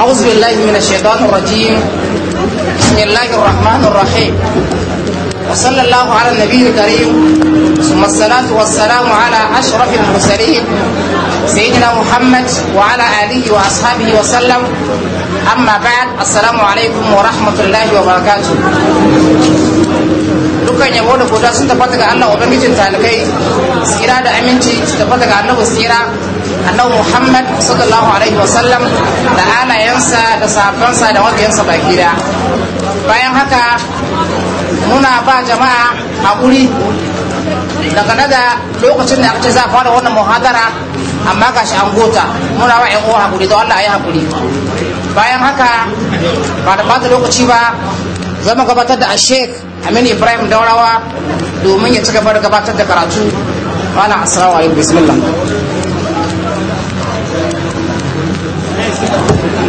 أعوذ بالله من الشيطان الرجيم بسم الله الرحمن الرحيم وصلى الله على النبي الكريم ثم الصلاة والسلام على أشرف المرسلين سيدنا محمد وعلى آله وأصحابه وسلم أما بعد السلام عليكم ورحمة الله وبركاته dukkan yabo da godiya sun tabbata ga Allah ubangijin talibai tsira da aminci tabbata ga annabi tsira annabi Muhammad sallallahu alaihi wasallam da alayensa da sahabbansa da wajensa baki da bayan haka muna ba jama'a haƙuri daga da lokacin da aka ce za a fara wannan muhadara amma ga shi an gota muna wa yan uwa haƙuri da Allah ya haƙuri bayan haka ba da bata lokaci ba zama gabatar da ashek amin ibrahim daurawa domin ya ci gaba da gabatar da karatu malam assalamu alaikum bismillah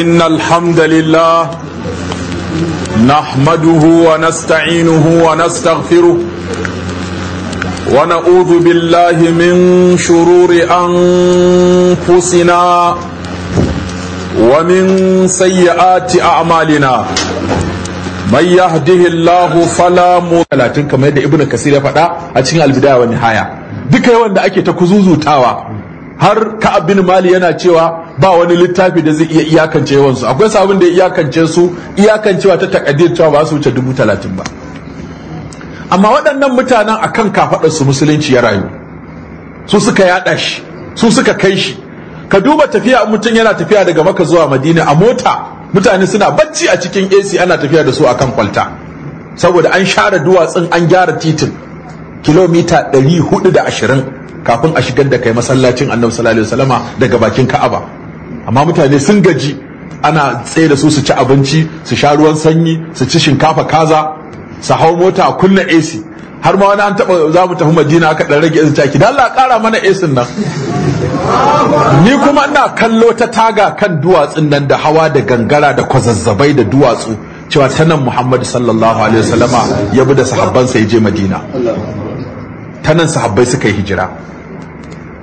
إن الحمد لله نحمده ونستعينه ونستغفره ونعوذ بالله من شرور أنفسنا ومن سيئات أعمالنا من يهده الله فلا مضل كما يدعي ابن كثير فدا a cikin albidaya wa nihaya duka yawan da ake ta kuzuzutawa har ka'ab bin mali yana cewa ba wani littafi da zai iya iyakance yawansu akwai sabon da iyakance su iyakancewa ta takadir cewa ba su wuce dubu talatin ba amma waɗannan mutanen a kan kafaɗarsu musulunci ya rayu su suka yaɗa shi su suka kai shi ka duba tafiya mutum yana tafiya daga maka zuwa madina a mota mutane suna bacci a cikin ac ana tafiya da su akan kwalta saboda an share duwatsun an gyara titin kilomita 420 kafin a shigar da kai masallacin annabi sallallahu alaihi wasallama daga bakin ka'aba amma mutane sun gaji ana tsaye da su su ci abinci su sha ruwan sanyi su ci shinkafa kaza su hau mota a kunna AC har ma wani an taba za mu tafi Madina aka dan rage izin taki dan Allah kara mana AC nan ni kuma ina kallo ta taga kan duwatsun nan da hawa da gangara da kwazazzabai da duwatsu cewa tanan nan Muhammad sallallahu alaihi wasallama ya bi da sahabbansa ya je Madina tanan sahabbai suka yi hijira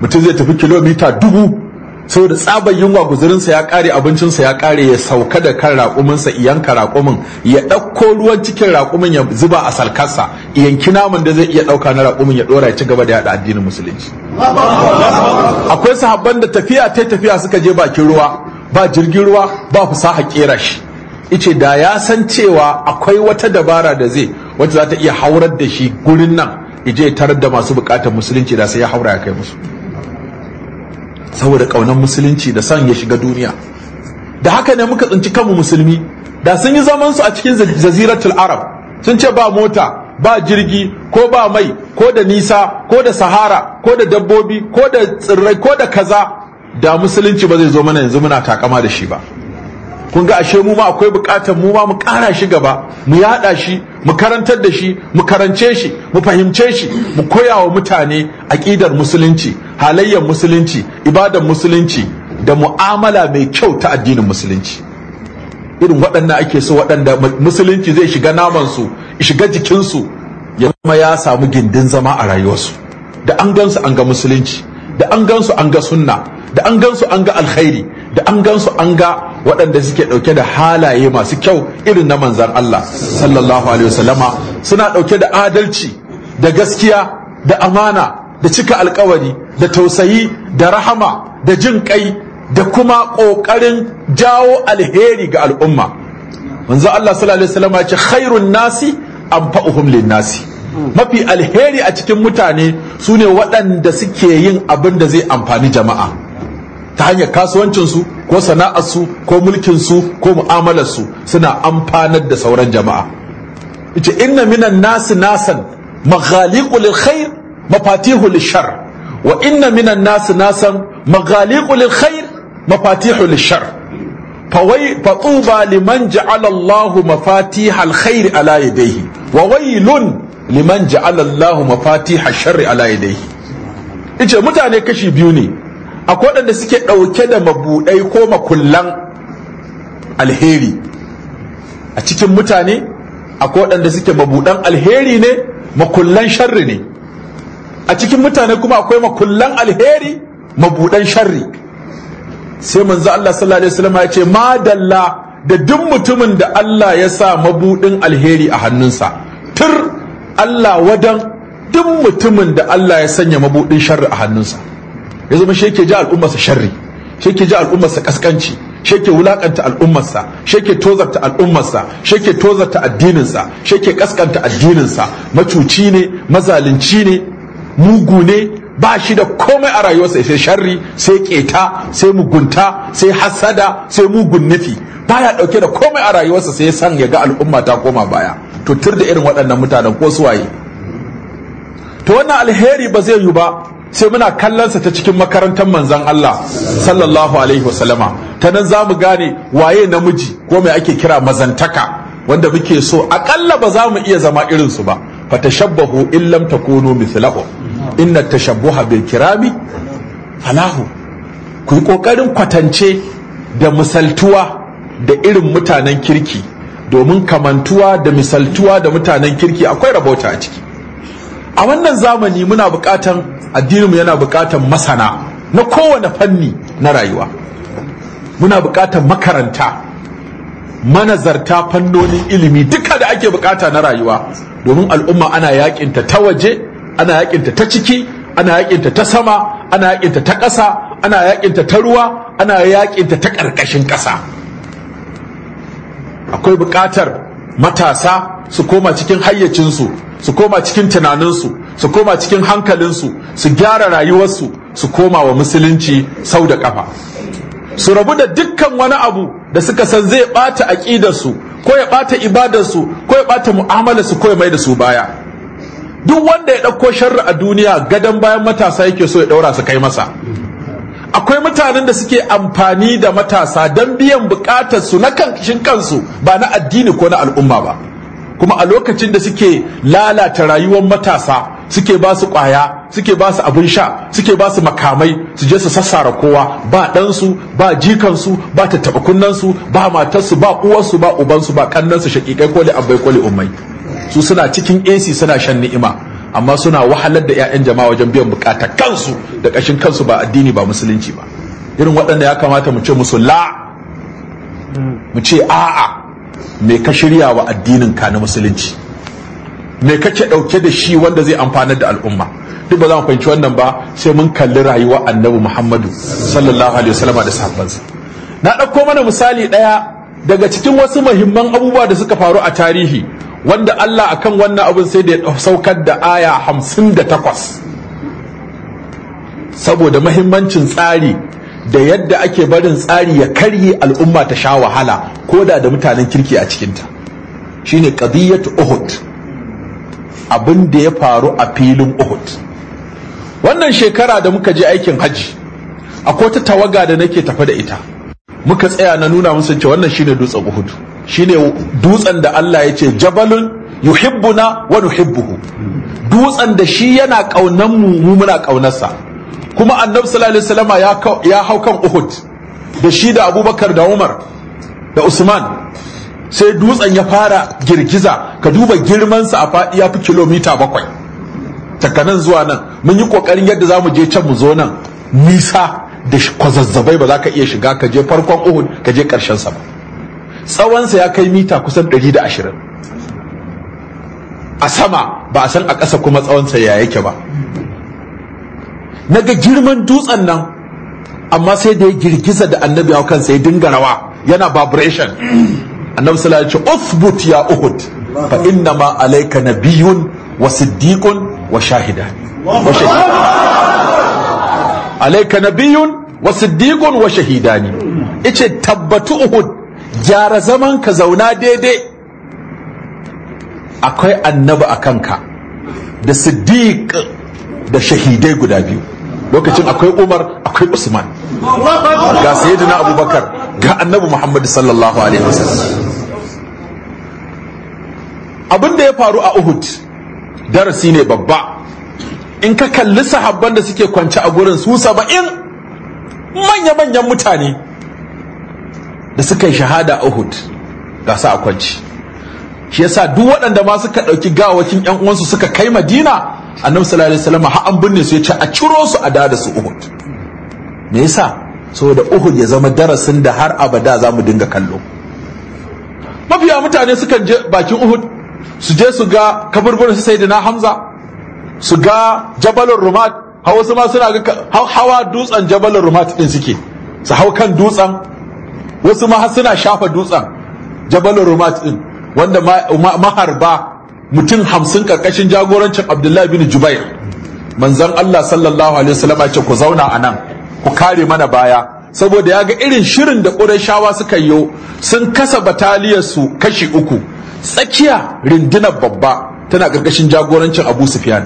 mutum zai tafi kilomita dubu so da tsabar yunwa guzurinsa ya kare abincinsa ya kare ya sauka da kan raƙuminsa iyanka raƙumin ya ɗauko ruwan cikin raƙumin ya zuba a salkarsa iyanki naman da zai iya ɗauka na raƙumin ya ɗora ya ci gaba da yada addinin musulunci akwai sahabban da tafiya ta tafiya suka je bakin ruwa ba jirgin ruwa ba fasaha kera shi ice da ya san cewa akwai wata dabara da zai wacce za ta iya haurar da shi gurin nan ije tarar da masu bukatar musulunci da sai ya haura ya kai musu saboda ƙaunar musulunci da son ya shiga duniya da haka ne muka tsinci kanmu musulmi da sun yi zaman su a cikin zaziratul arab sun ce ba mota ba jirgi ko ba mai ko da nisa ko da sahara ko da dabbobi ko da tsirrai ko da kaza da musulunci ba zai zo mana yanzu muna takama da shi ba kun ga ashe mu ma akwai bukatar mu ma mu kara shi gaba mu yada shi mu karantar da shi mu karance shi mu fahimce shi mu koya wa mutane aƙidar musulunci halayyar musulunci ibadar musulunci da mu'amala mai kyau ta addinin musulunci irin waɗannan ake so waɗanda musulunci zai shiga namansu shiga jikinsu ya kuma ya samu gindin zama a rayuwarsu da an gansu an ga musulunci da an gansu an ga sunna da an gansu an ga alkhairi da an gansu an ga waɗanda suke ɗauke da halaye masu kyau irin na manzan Allah sallallahu alaihi wasallama suna ɗauke da adalci da gaskiya da amana da cika alkawari da tausayi da rahama da jin kai da kuma ƙoƙarin jawo alheri ga al'umma manzan Allah sallallahu alaihi wasallama ya ce khairun nasi anfa'uhum lin nasi mafi alheri a cikin mutane su ne waɗanda suke yin abin da zai amfani jama'a ta hanyar kasuwancinsu ko sana'arsu ko mulkinsu ko mu'amalarsu suna amfanar da sauran jama'a ita inna minan nasi nasan maghaliqu khair mafatihu shar wa inna minan nasi nasan maghaliqu khair mafatihu lil shar فوي فطوبى لمن جعل الله مفاتيح الخير على يديه وويل liman ja'ala Allahu mafatiha sharri ala yadayhi ice mutane kashi biyu ne akwai waɗanda suke ɗauke da mabudai ko makullan alheri a cikin mutane akwai waɗanda suke mabudan alheri ne makullan sharri ne a cikin mutane kuma akwai makullan alheri mabudan sharri sai manzo Allah sallallahu alaihi wasallam ya ce ma dalla da duk mutumin da Allah ya sa mabudin alheri a hannunsa tur Allah wadan duk mutumin da Allah ya sanya mabudin sharri a hannunsa ya zama shi yake ji al'ummarsa sharri shi yake ji al'ummarsa kaskanci shi yake wulakanta al'ummarsa shi yake tozarta al'ummarsa shi yake tozarta addininsa shi yake kaskanta addininsa macuci ne mazalunci ne mugu ne ba shi da komai a rayuwarsa sai sharri sai keta sai mugunta sai hasada sai mugun nufi baya dauke da komai a rayuwarsa sai san ya ga al'umma ta koma baya to tur da irin waɗannan mutanen ko su waye? to wannan alheri ba zai yi ba sai muna kallonsa ta cikin makarantar manzan Allah sallallahu alaihi wasallama ta nan za mu gane waye namiji ko mai ake kira mazantaka wanda muke so akalla ba za mu iya zama irinsu ba fatashabbahu in takunu mithlahum inna tashabbuha bil kirami falahu ku yi kokarin kwatance da misaltuwa da irin mutanen kirki domin kamantuwa da misaltuwa da mutanen kirki akwai rabota a ciki a wannan zamani muna bukatan addininmu yana bukatan masana na kowane fanni na rayuwa muna bukatan makaranta manazarta fannonin ilimi duka da ake bukata na rayuwa domin al'umma ana yakinta ta waje ana yakinta ta ciki ana yakinta ta sama ana yakinta ta ƙasa ana yakinta ta ruwa ana yakinta ta ƙarƙashin ƙasa akwai buƙatar matasa su koma cikin hayyacinsu su koma cikin tunaninsu su koma cikin hankalinsu su gyara rayuwarsu su koma wa musulunci sau da ƙafa su rabu da dukkan wani abu da suka san zai ɓata aƙidarsu ko ya ɓata ibadarsu ko ya ɓata mu'amalarsu ko ya mai da su baya duk wanda ya ɗauko sharri a duniya gadon bayan matasa yake so ya ɗaura su kai masa akwai mutanen da suke amfani da matasa don biyan bukatar su na kanshin kansu ba na addini ko na al'umma ba kuma a lokacin da suke lalata rayuwar matasa suke ba su kwaya suke ba su abin sha suke ba su makamai su je su sassara kowa ba ɗansu ba jikansu ba tattaɓa kunnansu ba matarsu ba uwarsu ba ubansu ba kannansu shaƙiƙai koli abai koli umai. su suna cikin AC suna shan ni'ima amma suna wahalar da 'ya'yan jama'a wajen biyan bukata kansu da kashin kansu ba addini ba musulunci ba irin waɗanda ya kamata mu ce musu la mu ce a'a me ka shirya wa addinin ka na musulunci me kake ɗauke da shi wanda zai amfanar da al'umma duk ba za mu fahimci wannan ba sai mun kalli rayuwa annabi muhammadu sallallahu alaihi wasallam da sahabbansa na ɗauko mana misali ɗaya daga cikin wasu muhimman abubuwa da suka faru a tarihi wanda Allah a kan wannan abin sai da ya saukar da aya hamsin da takwas saboda mahimmancin tsari da yadda ake barin tsari ya karye al'umma ta sha wahala ko da da mutanen kirki a cikinta shine qadiyatu uhud abin da ya faru a filin uhud wannan shekara da muka je aikin haji akwai ta tawaga da nake tafe da ita muka tsaya na nuna musu cewa wannan shine dutsen uhud shine dutsen da Allah ya ce jabalun yuhibbuna wa nuhibbuhu dutsen da shi yana kaunan mu mu muna kaunarsa kuma annabi sallallahu alaihi wasallama ya hau kan Uhud da shi da Abubakar da Umar da Usman sai dutsen ya fara girgiza ka duba girman sa a faɗi ya fi kilomita bakwai nan zuwa nan mun yi ƙoƙarin yadda za mu je can mu zo nan nisa da kwazazzabai ba za ka iya shiga ka je farkon uhud ka je ƙarshen sa ba tsawonsa ya kai mita kusan 120 a sama ba a san a ƙasa kuma tsawonsa ya yake ba naga girman dutsen nan amma sai da ya girgiza da annabi a kansa ya dinga rawa yana vibration annabi sallallahu alaihi wasallam uthbut ya uhud fa inna ma alayka nabiyyun wa siddiqun wa shahida wa alayka nabiyyun wa siddiqun wa shahidani ice tabbatu uhud gyara zaman ka zauna daidai akwai annabi a kanka da siddiq da shahidai guda biyu lokacin akwai umar akwai usman ga sayyidina abubakar ga annabi muhammad sallallahu alaihi wasallam da ya faru a uhud darasi ne babba in ka kalli sahabban da suke kwance a gurin su saba'in manya-manyan mutane da suka yi shahada uhud ga su a shi yasa duk waɗanda ma suka ɗauki gawakin yan uwansu suka kai madina annabi sallallahu alaihi wasallam har an binne su ya ce a ciro su a dada su uhud me yasa saboda uhud ya zama darasin da har abada za mu dinga kallo mafiya mutane suka je bakin uhud su je su ga kaburburin sayyidina hamza su ga jabalur rumat hawa su suna ga hawa dutsen jabalur rumat din suke su hau kan dutsen wasu ma suna shafa dutsen jabalin rumat din wanda maharba mutum hamsin karkashin jagorancin abdullahi bin jubair manzan allah sallallahu alaihi wasallam ce ku zauna a nan ku kare mana baya saboda ya ga irin shirin da ƙurashawa suka yi sun kasa bataliyarsu kashi uku tsakiya rindunar babba tana ƙarƙashin jagorancin abu sufyan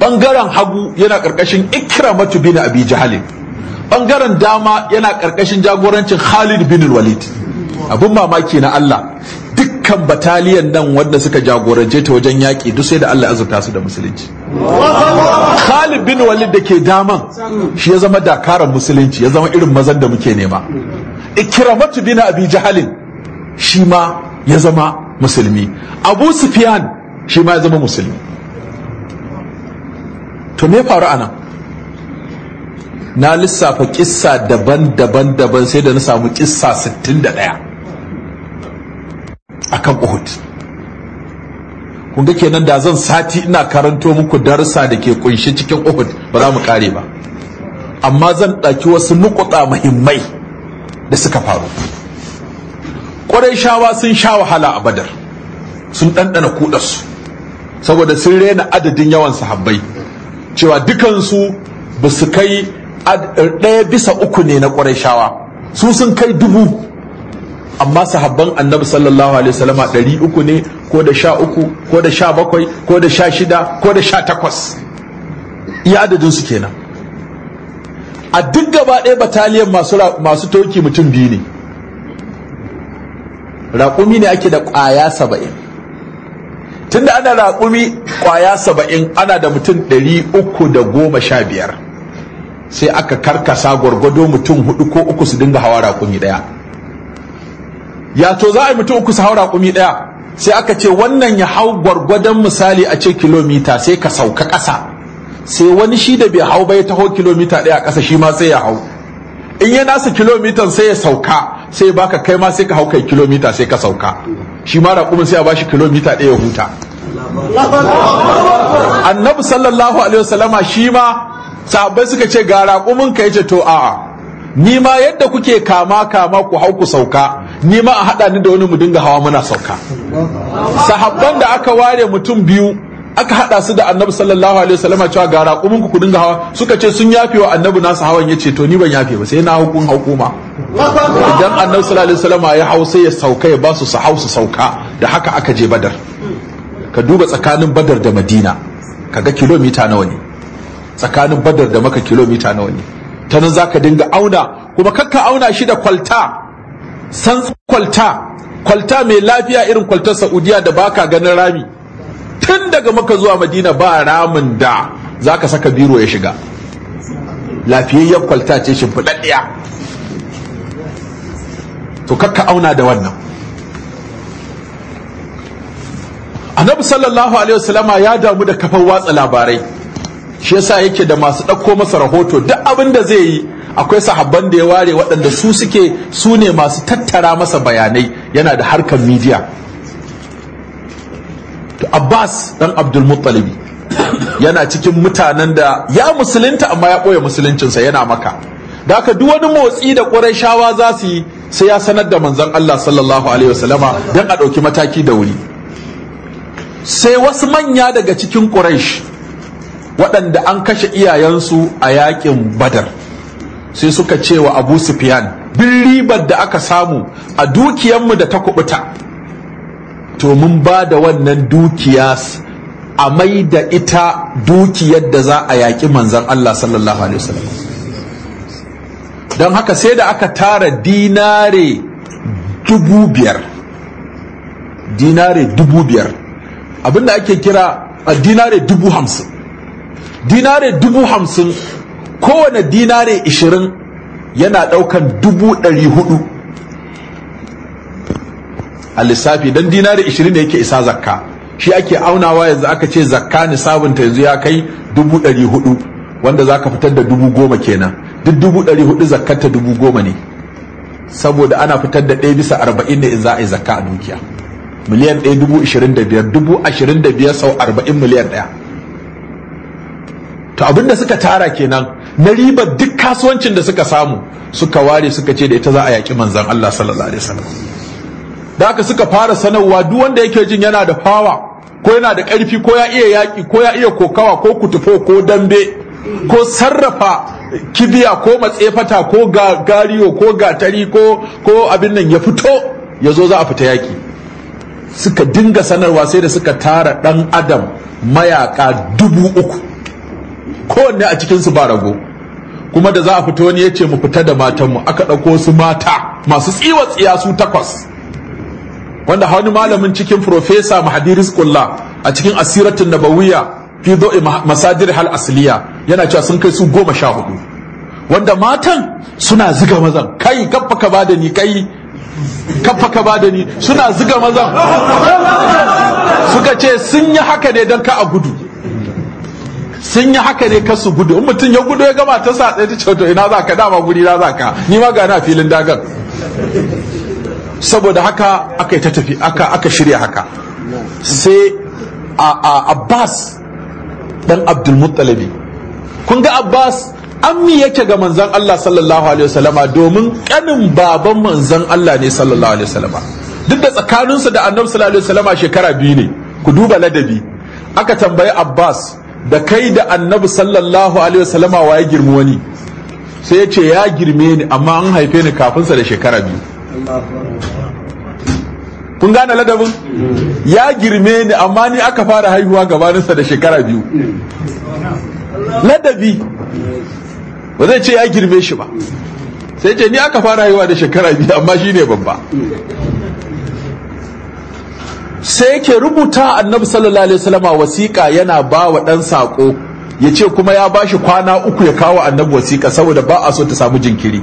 ɓangaren hagu yana ƙarƙashin ikramatu bin abi jahalin bangaren dama yana karkashin jagorancin Khalid bin Walid abun mamaki na Allah dukkan bataliyan nan wanda suka jagorance ta wajen yaki, duk sai da Allah azurta su da musulunci Khalid bin Walid da ke daman shi ya zama dakaran musulunci ya zama irin mazan da muke nema Ikramatu bin Abi Jahalin shi ma ya zama musulmi Abu Sufyan shi ma ya zama musulmi to me faru anan na lissafa kissa daban-daban daban sai da na samu kissa 61 akan Uhud kun ga kenan da zan sati ina karanto muku darsa da ke kunshi cikin Uhud ba za mu kare ba amma zan ɗauki wasu nukuta muhimmai da suka faru ƙwarai shawa sun sha wahala a badar sun ɗanɗana kudarsu saboda sun rena adadin yawan sahabbai cewa dukansu ba su kai ɗaya bisa uku ne na ƙwarai su sun kai dubu amma sahabban annabi sallallahu alaihi wasallama ɗari uku ne ko da sha uku ko da sha bakwai ko da sha shida ko da sha takwas iya adadin su kenan a duk gaba ɗaya bataliyan masu toki mutum biyu ne raƙumi ne ake da ƙwaya saba'in tunda ana raƙumi ƙwaya saba'in ana da mutum ɗari uku da goma sha biyar sai aka karkasa gwargwado mutum hudu ko uku su dinga hawa raƙumi ɗaya ya to za a yi mutum uku su hawa raƙumi ɗaya sai aka ce wannan ya hau gwargwadon misali a ce kilomita sai ka sauka ƙasa sai wani shi da bai hau bai taho kilomita ɗaya ƙasa shi ma sai ya hau in ya nasa kilomitan sai ya sauka sai baka kai ma sai ka hau kai kilomita sai ka sauka shi ma raƙumin sai a bashi kilomita ɗaya ya huta annabi sallallahu alaihi wasallama shi ma sahabbai suka ce ga raƙumin ka yace to a'a ni ma yadda kuke kama kama ku hau ku sauka ni ma a haɗa ni da wani mu dinga hawa muna sauka sahabban da aka ware mutum biyu aka haɗa su da annabi sallallahu alaihi wasallam cewa ga raƙumin ku ku dinga hawa suka ce sun yafe wa annabi nasu hawan yace to ni ban yafe ba sai na hukun hukuma idan annabi sallallahu alaihi wasallam ya hau sai ya sauka ya ba su su hau su sauka da haka aka je badar ka duba tsakanin badar da madina kaga kilomita nawa ne tsakanin badar da maka kilomita na wani. ta nan zaka dinga auna kuma kakka auna shi da kwalta san kwalta kwalta mai lafiya irin kwaltar saudiya da baka ganin rami tun daga maka zuwa madina ba ramin da za ka saka biro ya shiga lafiyayyen kwalta ce shi shimfiɗaɗɗiya to kakka auna da wannan annabi sallallahu alaihi wasallama ya damu da kafar watsa labarai shi yasa yake da masu ɗauko masa rahoto duk abin da zai yi akwai sahabban da ya ware waɗanda su suke su ne masu tattara masa bayanai yana da harkar midiya abbas dan abdul muttalibi yana cikin mutanen da ya musulunta amma ya ɓoye musuluncinsa yana maka da haka duk wani motsi da ƙurashawa za su yi sai ya sanar da manzon Allah sallallahu alaihi wasallama don a ɗauki mataki da wuri sai wasu manya daga cikin ƙuraish waɗanda an kashe iyayensu a yaƙin badar sai suka ce wa abu sufyan bin ribar da aka samu a dukiyanmu da ta kubuta to mun ba da wannan dukiya a mai da ita dukiyar da za a yaƙi manzan Allah sallallahu alaihi wasallam don haka sai da aka tara dinare dubu biyar dinare dubu biyar abinda ake kira a dinare dubu hamsin dinare dubu hamsin kowane dinare ishirin yana ɗaukan dubu ɗari hudu a lissafi don dinare ishirin da yake isa zakka shi ake aunawa yanzu aka ce zakka nisabinta yanzu ya kai dubu ɗari hudu wanda za ka fitar da dubu goma kenan duk dubu ɗari hudu zakkarta dubu goma ne saboda ana fitar da ɗaya bisa arba'in ne in za a yi zakka a dukiya miliyan ɗaya dubu ashirin da biyar dubu ashirin da biyar sau arba'in miliyan ɗaya to abin da suka tara kenan na ribar duk kasuwancin da suka samu suka ware suka ce da ita za a yaƙi manzan Allah sallallahu alaihi wasallam da aka suka fara sanarwa duk wanda yake jin yana da fawa ko yana da ƙarfi ko ya iya yaƙi ko ya iya kokawa ko kutufo ko dambe ko sarrafa kibiya ko matsefata ko gariyo ko gatari ko ko abin nan ya fito ya zo za a fita yaƙi. suka dinga sanarwa sai da suka tara ɗan adam mayaƙa dubu uku kowanne a cikinsu ba rago kuma da za a fito wani ya ce mu fita da matanmu aka ɗauko su mata masu tsiwa tsiya su takwas wanda hannu malamin cikin profesa mahadi rizkullah a cikin asiratun nabawiya fi zo'i masadir hal asliya yana cewa sun kai su goma sha hudu wanda matan suna ziga mazan kai kafa ka da ni kai kafa ka da ni suna ziga mazan suka ce sun yi haka ne don ka a gudu sun yi haka ne kasu gudu in mutum ya gudu ya gama ta sa ɗaya ta ce ina za ka dama guri na za ka ni ma gana filin dagar. saboda haka aka yi ta tafi aka aka shirya haka sai a abbas dan abdulmuttalabi kun ga abbas mi yake ga manzan allah sallallahu alaihi wasallama domin kanin baban manzan allah ne sallallahu alaihi wasallama duk da tsakaninsu da annabi sallallahu alaihi wasallama shekara biyu ne ku duba ladabi aka tambayi abbas da kai da annabi sallallahu alaihi wasallama wa ya girmi wani sai ya ce ya girme ni amma an haife ni kafinsa da shekara biyu kun gane ladabin ya girme ni amma ni aka fara haihuwa gabaninsa da shekara biyu ladabi ba zai ce ya girme shi ba sai ce ni aka fara haihuwa da shekara biyu amma shi ne babba sai yake rubuta annabi sallallahu alaihi wasallam wasiƙa yana ba wa ɗan saƙo ya ce kuma ya ba shi kwana uku ya kawo annabi wasiƙa saboda ba a so ta samu jinkiri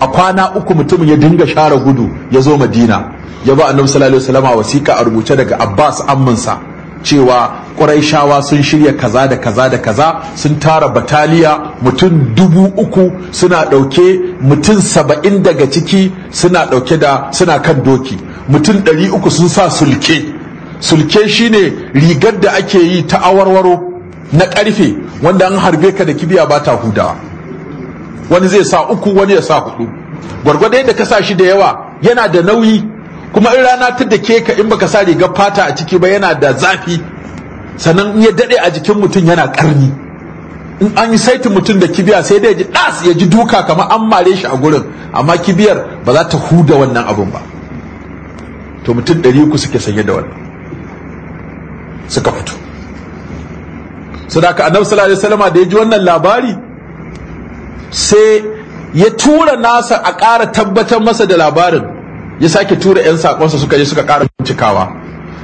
a kwana uku mutumin ya dinga share gudu ya zo madina ya ba annabi sallallahu alaihi wasallam wasiƙa a rubuce daga abbas amminsa cewa ƙuraishawa sun shirya kaza da kaza da kaza sun tara bataliya mutum dubu uku suna ɗauke mutum saba'in daga ciki suna ɗauke da suna kan doki mutum ɗari uku sun sa sulke sulke shine rigar da ake yi ta awarwaro na ƙarfe wanda an harbe ka da kibiya ba ta hudawa wani zai sa uku wani ya sa hudu gwargwadon da ka shi da yawa yana da nauyi kuma in rana ta da ke ka in baka sa rigar fata a ciki ba yana da zafi sannan in ya dade a jikin mutum yana karni in an yi saitin mutum da kibiya sai dai ya ji das ya ji duka kamar an mare shi a gurin amma kibiyar ba za ta huda wannan abun ba to mutum ɗari uku suke sanye da wannan suka fito sadaka annabi sallallahu alaihi wasallama da ya ji wannan labari sai ya tura nasa a ƙara tabbatar masa da labarin ya sake tura 'yan sakonsa suka je suka ƙara bincikawa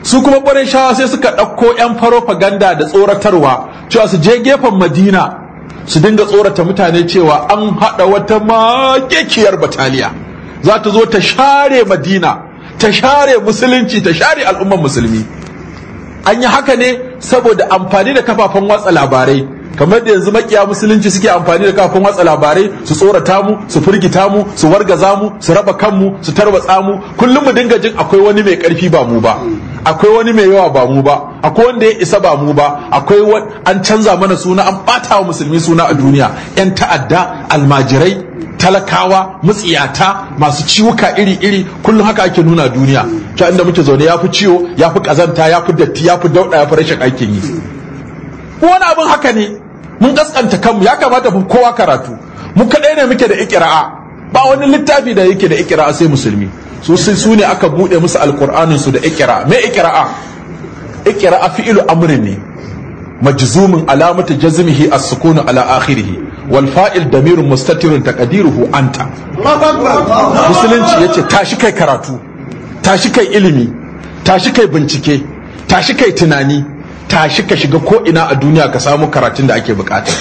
su kuma ƙwarin shawa sai suka ɗauko 'yan farofaganda da tsoratarwa cewa su je gefen madina su dinga tsorata mutane cewa an haɗa wata makekiyar bataliya za ta zo ta share madina ta share musulunci ta share al'ummar musulmi an yi haka ne saboda amfani da kafafen watsa labarai kamar da yanzu makiya musulunci suke amfani da kafin watsa labarai su tsorata mu su firgita mu su wargaza mu su raba kanmu su tarwatsa mu kullum mu dinga jin akwai wani mai karfi ba mu ba akwai wani mai yawa ba mu ba akwai wanda ya isa ba mu ba akwai an canza mana suna an bata wa musulmi suna a duniya yan ta'adda almajirai talakawa mutsiyata masu ciwuka iri-iri kullum haka ake nuna duniya ta inda muke zaune ya fi ciwo ya fi kazanta ya fi datti ya fi dauɗa ya fi rashin aikin yi wani abin haka ne mun gaskanta kanmu ya kamata mu kowa karatu mu kadai ne muke da ikira'a ba wani littafi da yake da ikira'a sai musulmi su su ne aka bude musu alqur'anin su da ikira'a me ikira'a ikira'a fi'lu amrin ne majzumin alamatu jazmihi as sukunu ala akhirih wal fa'il damirun mustatirun taqdiruhu anta musulunci yace tashi kai karatu tashi kai ilimi tashi kai bincike tashi kai tunani tashi ka shiga ko ina a duniya ka samu karatun da ake bukata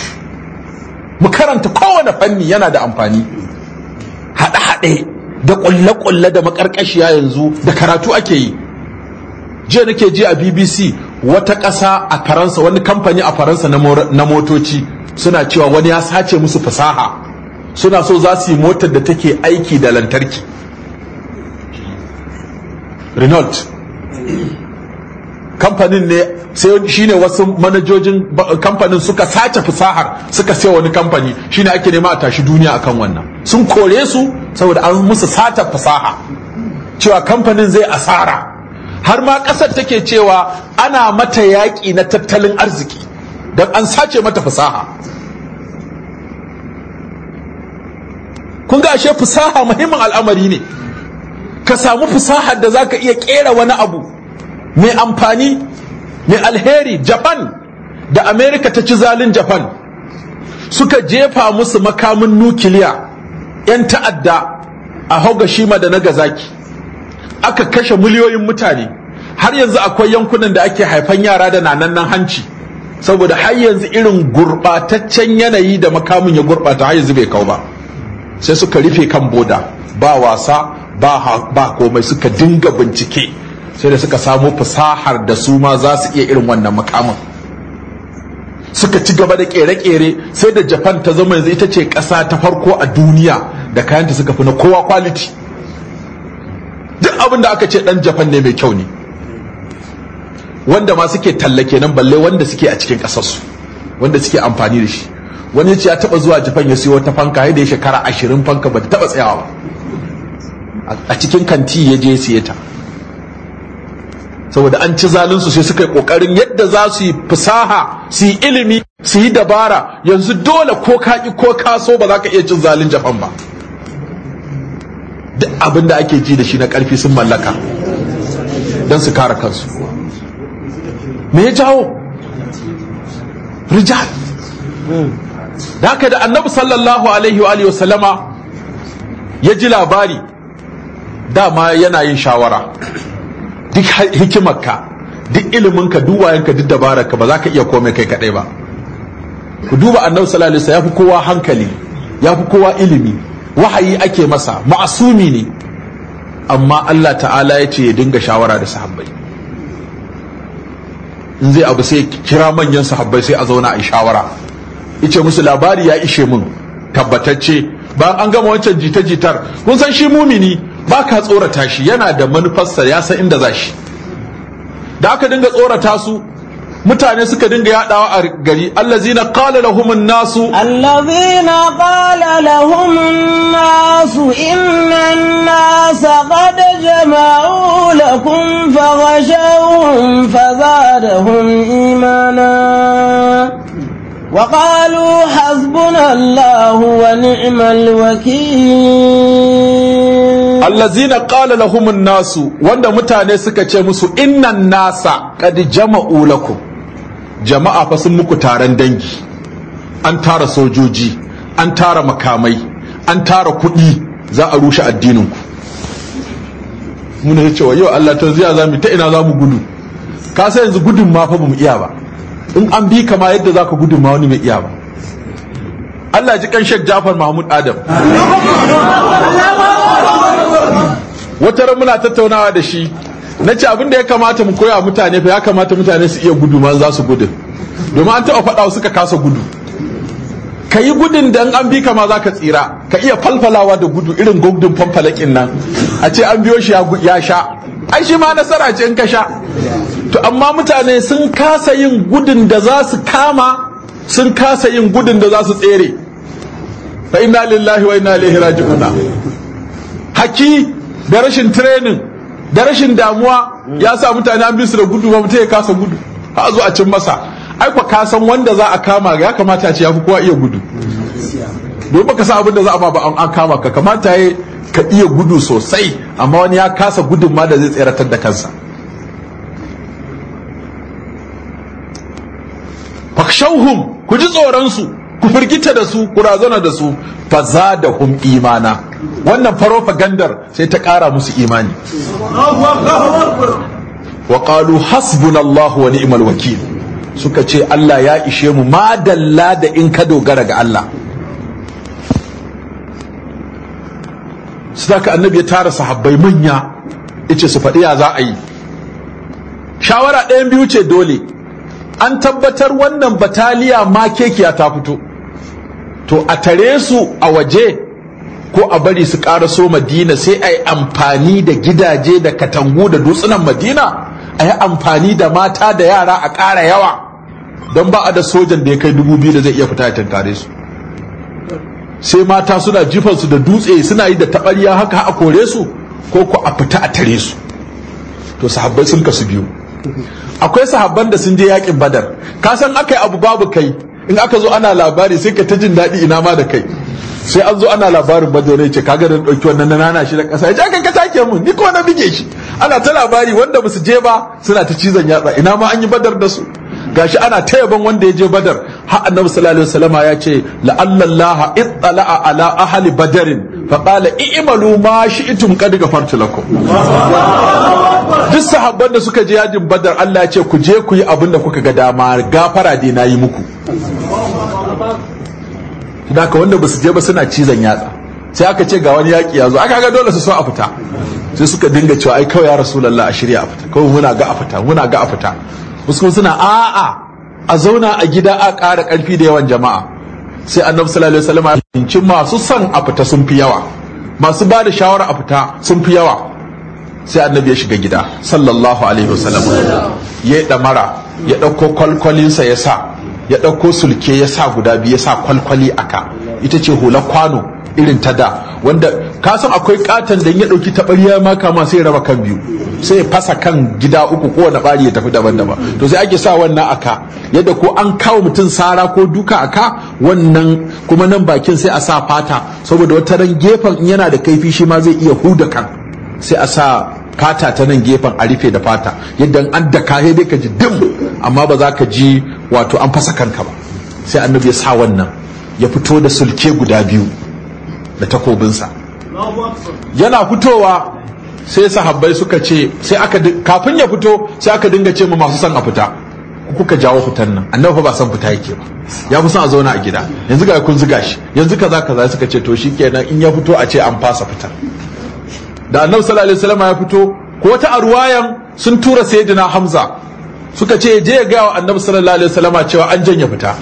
mu karanta kowane fanni yana da amfani haɗe-haɗe da ƙulle-ƙulle da makarƙashiya yanzu da karatu ake yi jiya nake ji a bbc wata ƙasa a faransa wani kamfani a faransa na motoci suna cewa wani ya sace musu fasaha suna so za su yi motar da take aiki da lantarki renault kamfanin ne sai shine wasu manajojin kamfanin suka sace fasahar suka sai wani kamfani shine ake nema a tashi duniya kan wannan sun kore su saboda an musu sace fasaha cewa kamfanin zai asara har ma kasar take cewa ana mata yaƙi na tattalin arziki don an sace mata fasaha kun ga ashe fasaha muhimmin al'amari ne ka samu fasahar da za ka iya ƙera wani abu mai amfani mai alheri japan da amerika ta ci zalin japan suka jefa musu makamin nukiliya 'yan ta'adda a hogashima da na nagasaki aka kashe miliyoyin mutane har yanzu akwai yankunan da ake haifan yara da nanannan hanci saboda har yanzu irin gurɓataccen yanayi da makamin ya gurɓata har yanzu bai kau ba sai suka rufe kan boda ba wasa ba komai suka dinga bincike sai da suka samu fasahar da su ma za su iya irin wannan makamin suka ci gaba da kere-kere sai da japan ta zama yanzu ita ce ƙasa ta farko a duniya da kayanta suka fi na kowa kwaliti duk abin da aka ce dan japan ne mai kyau ne wanda ma suke tallake nan balle wanda suke a cikin ƙasarsu wanda suke amfani da shi wani ya ce ya taba zuwa japan ya siyo ta fanka da ya shekara ashirin fanka ba ta taɓa tsayawa ba a cikin kanti ya je siye ta saboda an ci zalunsu sai suka yi kokarin yadda za su yi fasaha su yi ilimi su yi dabara yanzu dole ko kaki ko kaso ba za ka iya cin zalin japan ba duk abin da ake ji da shi na karfi sun mallaka don su kare kansu me ya jawo rijal da haka da annabi sallallahu alaihi wa alihi wasallama ya ji labari dama yana yin shawara duk hikimarka duk iliminka duk wayanka duk dabararka ba za ka iya komai kai kadai ba ku duba annabi sallallahu alaihi wasallam ya fi kowa hankali ya fi kowa ilimi wahayi ake masa ma'asumi ne amma Allah ta'ala ya ce ya dinga shawara da sahabbai in zai abu sai kira manyan sahabbai sai a zauna a shawara Ice musu labari ya ishe mun tabbatacce bayan an gama wancan jita-jitar kun san shi mumini ba ka tsorata shi yana da manufarsa ya san inda za shi da aka dinga tsorata su mutane suka dinga yadawa a gari allazina qala lahum nasu allazina qala lahum an-nasu inna an-nasa qad jama'u lakum faghashawhum fazadahum imana وقالوا حسبنا الله ونعم الوكيل allazina qala lahum an-nasu wanda mutane suka ce musu innan nasa qad jama'u lakum jama'a fa sun muku taron dangi an tara sojoji an tara makamai an tara kuɗi za a rushe addininku muna ya cewa yau Allah ta ziya za mu ta ina za mu gudu ka sai yanzu gudun ma fa bamu iya ba in an bi kama yadda za ka gudun ma wani mai iya ba Allah ji kan Sheikh Jafar Mahmud Adam wata ran muna tattaunawa da shi na ce abin da ya kamata mu koya mutane fa ya kamata mutane su iya gudu ma za su gudu domin an taɓa faɗa ka kasa gudu ka yi gudun da an bi kama za ka tsira ka iya falfalawa da gudu irin gudun fanfalakin nan a ce an biyo shi ya sha ai shi ma nasara ce in ka sha to amma mutane sun kasa yin gudun da za su kama sun kasa yin gudun da za su tsere fa inna lillahi wa inna ilaihi raji'un haki da rashin training da rashin damuwa ya sa mutane an bi su da gudu ba mutai kasa gudu har zuwa cin masa ai ba ka san wanda za a kama ya kamata ce ya kowa iya gudu domin baka san abin da za a ba ba an kama ka kamata ya ka iya gudu sosai amma wani ya kasa gudun ma da zai tseratar da kansa fakshauhum ku ji tsoron su ku firgita da su ku razana da su fa da hum imana wannan farofagandar sai ta ƙara musu imani wa qalu hasbunallahu wa ni'mal wakil suka ce Allah ya ishe mu madalla da in ka dogara ga Allah su annabi ya tara sahabbai manya yace su faɗi ya za a yi shawara ɗayan biyu ce dole an tabbatar wannan bataliya ma kekiya ta fito to a tare su a waje ko a bari su so madina sai a yi amfani da gidaje da katangu da dutsunan madina a yi amfani da mata da yara a ƙara yawa don ba a da sojan da ya kai dubu biyu da zai iya fita ya tantare su sai mata suna jifansu da dutse suna yi da taɓarya haka a kore su ko ku a fita a tare su to sahabbai sun kasu biyu akwai sahabban da sun je yakin badar ka san aka yi abu babu kai in aka zo ana labari sai ka ta jin daɗi ina ma da kai sai an zo ana labarin ne ce ga da ɗauki wannan na nana shi da ƙasa ya aka take mun ni kuma na bige shi ana ta labari wanda ba su je ba suna ta cizon yatsa ina ma an yi badar da su gashi ana ta yaban wanda ya je badar har annabi sallallahu alaihi wasallama ya ce la'alla ittala'a ala ahli badarin faɗala i'imalu ma shi shi'tum qad ghafartu lakum duk sahabban da suka je yajin badar Allah ya ce ku je ku yi abin da kuka ga dama gafara dai yi muku da ka wanda basu je ba suna cizon yatsa sai aka ce ga wani yaƙi ya zo aka ga dole su so a fita sai suka dinga cewa ai kawai ya rasulullah a shirya a fita kawai muna ga a fita muna ga a fita suna a'a a zauna a gida a ƙara ƙarfi da yawan jama'a sai annabi sallallahu alaihi wasallam ya masu son a fita sun fi yawa masu ba da shawara a fita sun fi yawa sai annabi ya shiga gida sallallahu alaihi wasallam ya yi damara ya ɗauko kwalkwalinsa ya sa ya ɗauko sulke ya sa guda biyu ya sa kwalkwali aka ita ce hula kwano irin ta da wanda ka san akwai katon da ya dauki tabariya ma kama sai raba kan biyu sai ya fasa kan gida uku ko wani bari ya tafi daban-daban to sai ake sa wannan aka yadda ko an kawo mutum sara ko duka aka wannan kuma nan bakin sai a sa fata saboda wata ran gefen yana da kaifi shi ma zai iya huda kan sai a sa fata ta nan gefen a rufe da fata yadda an da sai dai ka ji dim amma ba za ka ji wato an fasa kanka ba sai annabi ya sa wannan ya fito da sulke guda biyu da takobinsa yana fitowa sai sahabbai suka ce sai aka kafin ya fito sai aka dinga ce mu masu son a fita kuka jawo fitan nan annabi ba san fita yake ba ya fi son a zauna a gida yanzu ga kun ziga shi yanzu kaza kaza suka ce to shikenan in ya fito a ce an fasa fita da annabi sallallahu alaihi wasallam ya fito ko ta arwayan sun tura sayyidina hamza suka ce je ya ga annabi sallallahu alaihi wasallam cewa an janye fita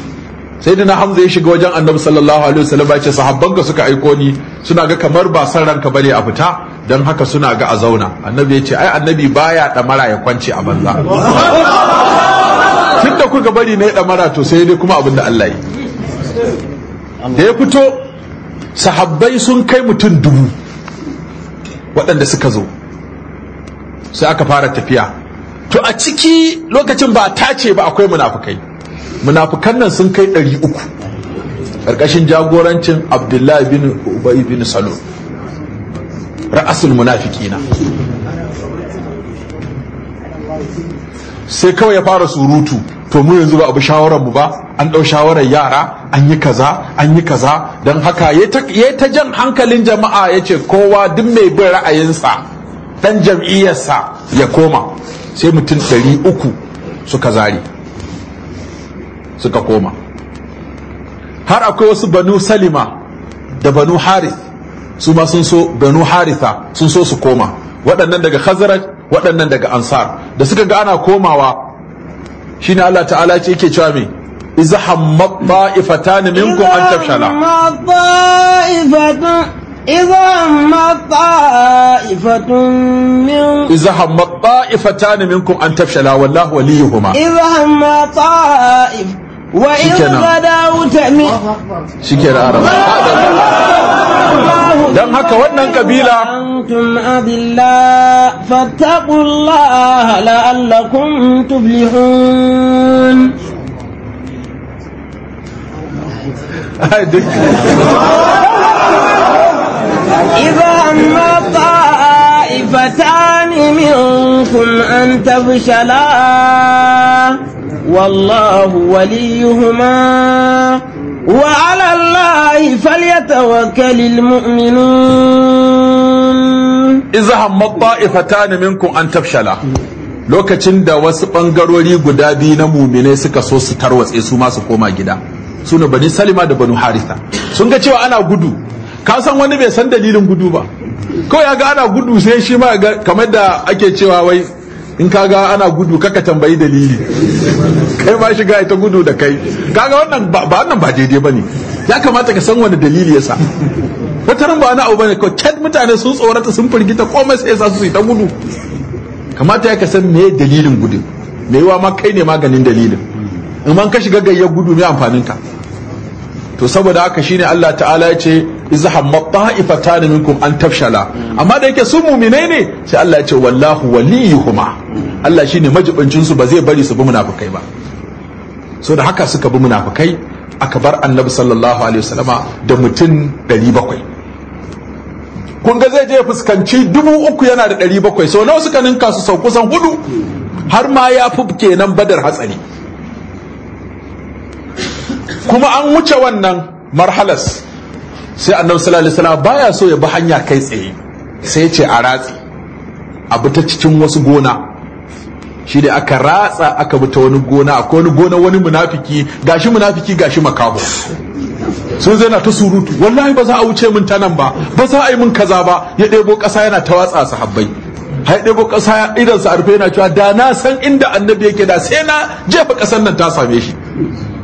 sai dina hamza ya shiga wajen annabi sallallahu alaihi wasallam ya ce sahabbanka suka aiko ni suna ga kamar ba san ranka bane a fita dan haka suna ga a zauna annabi ya ce ai annabi baya damara ya kwance a banza tun da kuka bari na damara to sai dai kuma abin da Allah yi da ya fito sahabbai sun kai mutum dubu waɗanda suka zo sai aka fara tafiya to a ciki lokacin ba tace ba akwai munafukai munafukan nan sun kai 300 karkashin jagorancin abdullahi bin ubayi bin salo ra'asul munafikina sai kawai ya fara surutu to mu yanzu ba abu shawarar mu ba an ɗau shawarar yara an yi kaza an yi kaza don haka ya ta jan hankalin jama'a ya ce kowa duk mai bin ra'ayinsa dan jam'iyyarsa ya koma sai mutum 300 suka zari suka koma har akwai wasu banu salima da banu harith su ma sun so banu haritha sun so su koma waɗannan daga khazaraj waɗannan daga ansar da suka ga ana komawa ne Allah ta'ala ce yake cewa me iza hammat ta'ifatan minkum an tafshala وإن غداوت من شكرا عرب دم هكا ونن كبيلة أنتم أذلاء فاتقوا الله لألكم تفلحون إذا أما طائفتان منكم أن تفشلا والله وليهما وعلى الله فليتوكل المؤمنون إذا هم الطائفتان منكم أن تفشلا lokacin da wasu ɓangarori guda biyu na muminai suka so su tarwatse su ma su koma gida suna bani salima da banu haritha sun ga cewa ana gudu ka san wani bai san dalilin gudu ba kawai ya ga ana gudu sai shi ma kamar da ake cewa wai in kaga ana gudu kaka tambayi dalili kai ma shiga ita gudu da kai kaga wannan ba wannan ba daidai bane ya kamata ka san wani dalili yasa wata ran ba wani abu bane ko cat mutane sun tsorata sun firgita komai sai yasa su yi ta gudu kamata ya ka san me dalilin gudu. me yiwa ma kai ne maganin dalilin in man ka shiga gayyar gudu me amfanin ka to saboda haka shine Allah ta'ala ya ce iz hammat ta'ifatan minkum an tafshala amma da yake su mu'minai ne sai Allah ya ce wallahu waliyuhuma Allah shine majibancin su ba zai bari su bi munafukai ba so da haka suka bi munafukai aka bar annabi sallallahu alaihi wasallama da mutum 700 kun ga zai je fuskanci dubu uku yana da ɗari bakwai so nawa suka ninka su sau kusan hudu har ma ya fi kenan badar hatsari kuma an wuce wannan marhalas sai annabi sallallahu alaihi wasallam baya so ya bi hanya kai tsaye sai ya ce a ratsi abu ta cikin wasu gona shi da aka ratsa aka bi ta wani gona akwai wani gona wani munafiki gashi munafiki gashi makaho sun zai na ta surutu wallahi ba za a wuce min ta nan ba ba za a yi min kaza ba ya ɗebo ƙasa yana ta watsa sahabbai har ɗebo ƙasa idan sa arfe yana cewa da na san inda annabi yake da sai na jefa ƙasar nan ta same shi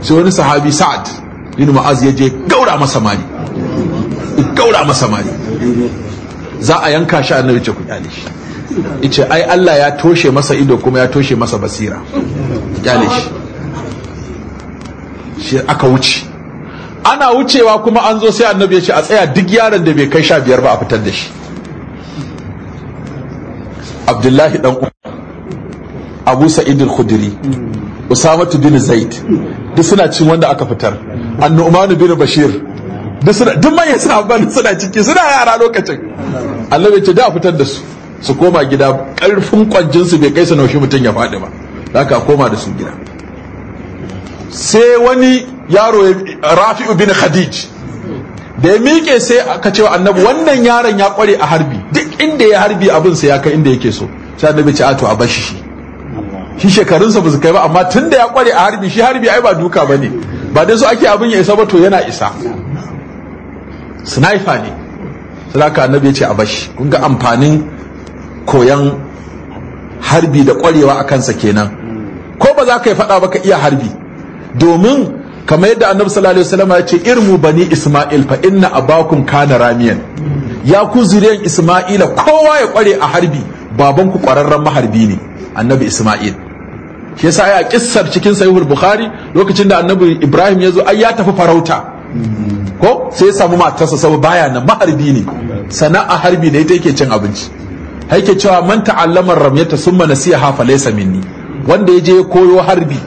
sai wani sahabi sa'ad yin ma'az ya je gaura masa gaura masa za a yanka shi annabi ce ku shi ice ai Allah ya toshe masa ido kuma ya toshe masa basira gane shi shi aka wuce ana wucewa kuma an zo sai annabi ya ce a tsaya duk yaron da bai kai sha biyar ba a fitar da shi abdullahi dan abu sa'id al-khudri usamatu bin zaid duk suna cin wanda aka fitar annu'man bin bashir duk suna duk mai sahabban suna ciki suna yara lokacin annabi ya ce da a fitar da su su koma gida ƙarfin kwanjinsu bai kai su naushe mutum ya faɗi ba da ka koma da su gida sai wani yaro ya rafi'u bin khadij da ya miƙe sai aka cewa annabi wannan yaron ya ƙware a harbi duk inda ya harbi abin sai ya kai inda yake so sai annabi ce ato a bashi shi shi shekarunsa ba su kai ba amma tun da ya ƙware a harbi shi harbi ai ba duka ba ne ba dai so ake abin ya isa ba to yana isa sniper ne sai aka annabi ya ce a bashi kun ga amfanin koyan harbi da kwarewa a kansa kenan ko ba za ka yi faɗa ba ka iya harbi domin kamar yadda annabi sallallahu alaihi wasallam ya ce irmu bani isma'il fa inna abakum kana ramiyan ya ku zuriyan isma'ila kowa ya kware a harbi baban ku kwararren maharbi ne annabi isma'il shi yasa ya kissar cikin sahihul bukhari lokacin da annabi ibrahim ya zo ai ya tafi farauta ko sai ya samu matarsa saboda baya na maharbi ne sana'a harbi da ita yake cin abinci haike cewa man ta'allama ramyata mana siya hafa laisa minni wanda ya je koyo harbi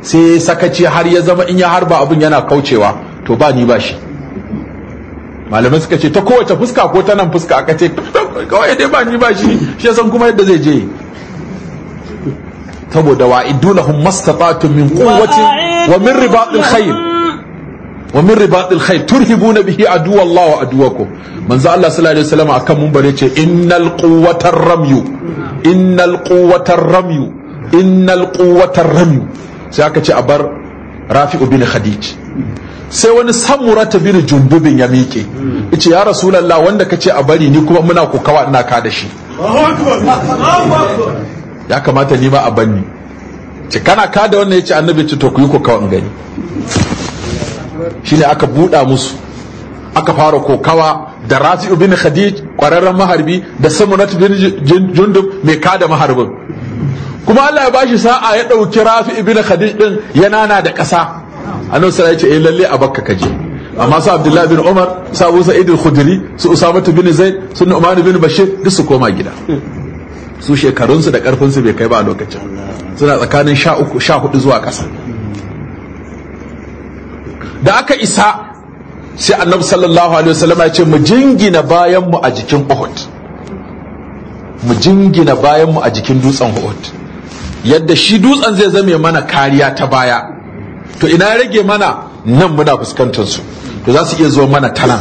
sai sakaci har ya zama in ya harba abun yana kaucewa to ba ni ba shi malamai suka ce ta kowace fuska ko ta nan fuska aka ce kawai dai ba ni ba shi shi san kuma yadda zai je saboda wa idulahum mastata min quwwati wa min ribatil khayr wa min ribatil khayr turhibuna bihi aduwa Allah wa aduwakum manzo Allah sallallahu alaihi wasallam akan munbare ce innal quwwatar ramyu innal quwwatar ramyu innal quwwatar ramyu sai aka ce a bar rafi'u bin khadij sai wani samurata bin jumbubin ya miƙe yace ya rasulullah wanda kace a bari ni kuma muna ku kawa ina ka da shi ya kamata ni ma a banni ce kana ka da wannan yace annabi ce to ku yi ku kawa in gani shi ne aka buɗa musu aka fara kokawa da razi ibn khadij ƙwararren maharbi da samunat bin jundub mai kada maharbin kuma Allah ya bashi sa'a ya ɗauki rafi ibn khadij din ya nana da ƙasa annabi sallallahu ce wasallam eh, lalle a bakka kaje amma su abdullahi bin umar su abu sa'id al su Usamatu bin zaid su nu'man bin bashir duk su koma gida su shekarunsu da karfinsu bai kai ba a lokacin suna tsakanin sha hudu zuwa ƙasa da aka isa sai annabi sallallahu alaihi wasallam ya ce mu jingina bayan mu a jikin Uhud mu jingina bayan mu a jikin dutsen Uhud yadda shi dutsen zai zame mana kariya ta baya to ina ya rage mana nan muna fuskantar su to za su iya zo mana tanan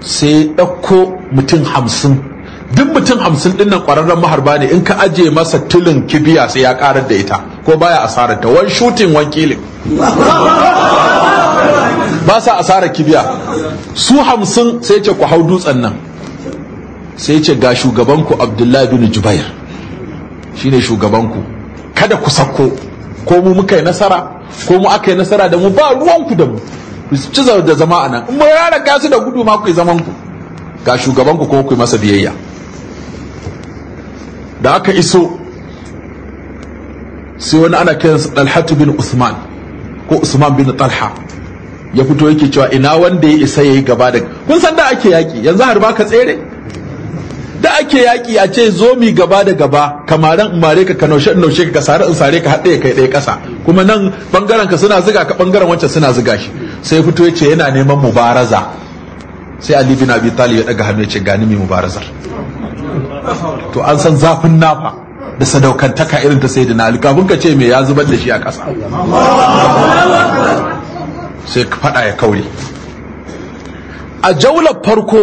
sai ɗauko mutum hamsin duk mutum hamsin dinnan kwararren maharba ne in ka aje masa tilin kibiya sai ya karar da ita ko baya asarar ta wani shutin wani kilin ba sa asarar kibiya su hamsin sai ce ku hau dutsen nan sai ce ga shugabanku abdullahi bin jubair ne shugabanku kada ku sako ko mu muka yi nasara ko mu aka yi nasara da mu ba ruwanku da mu ci da zama a nan in mu rarraka su da gudu ma ku yi zaman ku ga shugabanku ko kuma ku yi masa biyayya da aka iso sai wani ana kiransa dalhatu bin usman ko usman bin talha ya fito yake cewa ina wanda ya isa ya yi gaba da kun san da ake yaƙi yanzu har ba ka tsere da ake yaƙi a ce zo mi gaba da gaba kamaran in mare ka ka naushe in naushe ka sare in sare ka haɗe ya kai ɗaya ƙasa kuma nan bangaren ka suna zuga ka bangaren wancan suna zuga shi sai fito yace yana neman mubaraza sai ali bin abi talib ya ɗaga hannu ya ce gani mai mubarazar to an san zafin nafa da sadaukantaka irin ta sai na kafin ka ce me ya zubar da shi a ƙasa sai ka faɗa ya kauri a jaular farko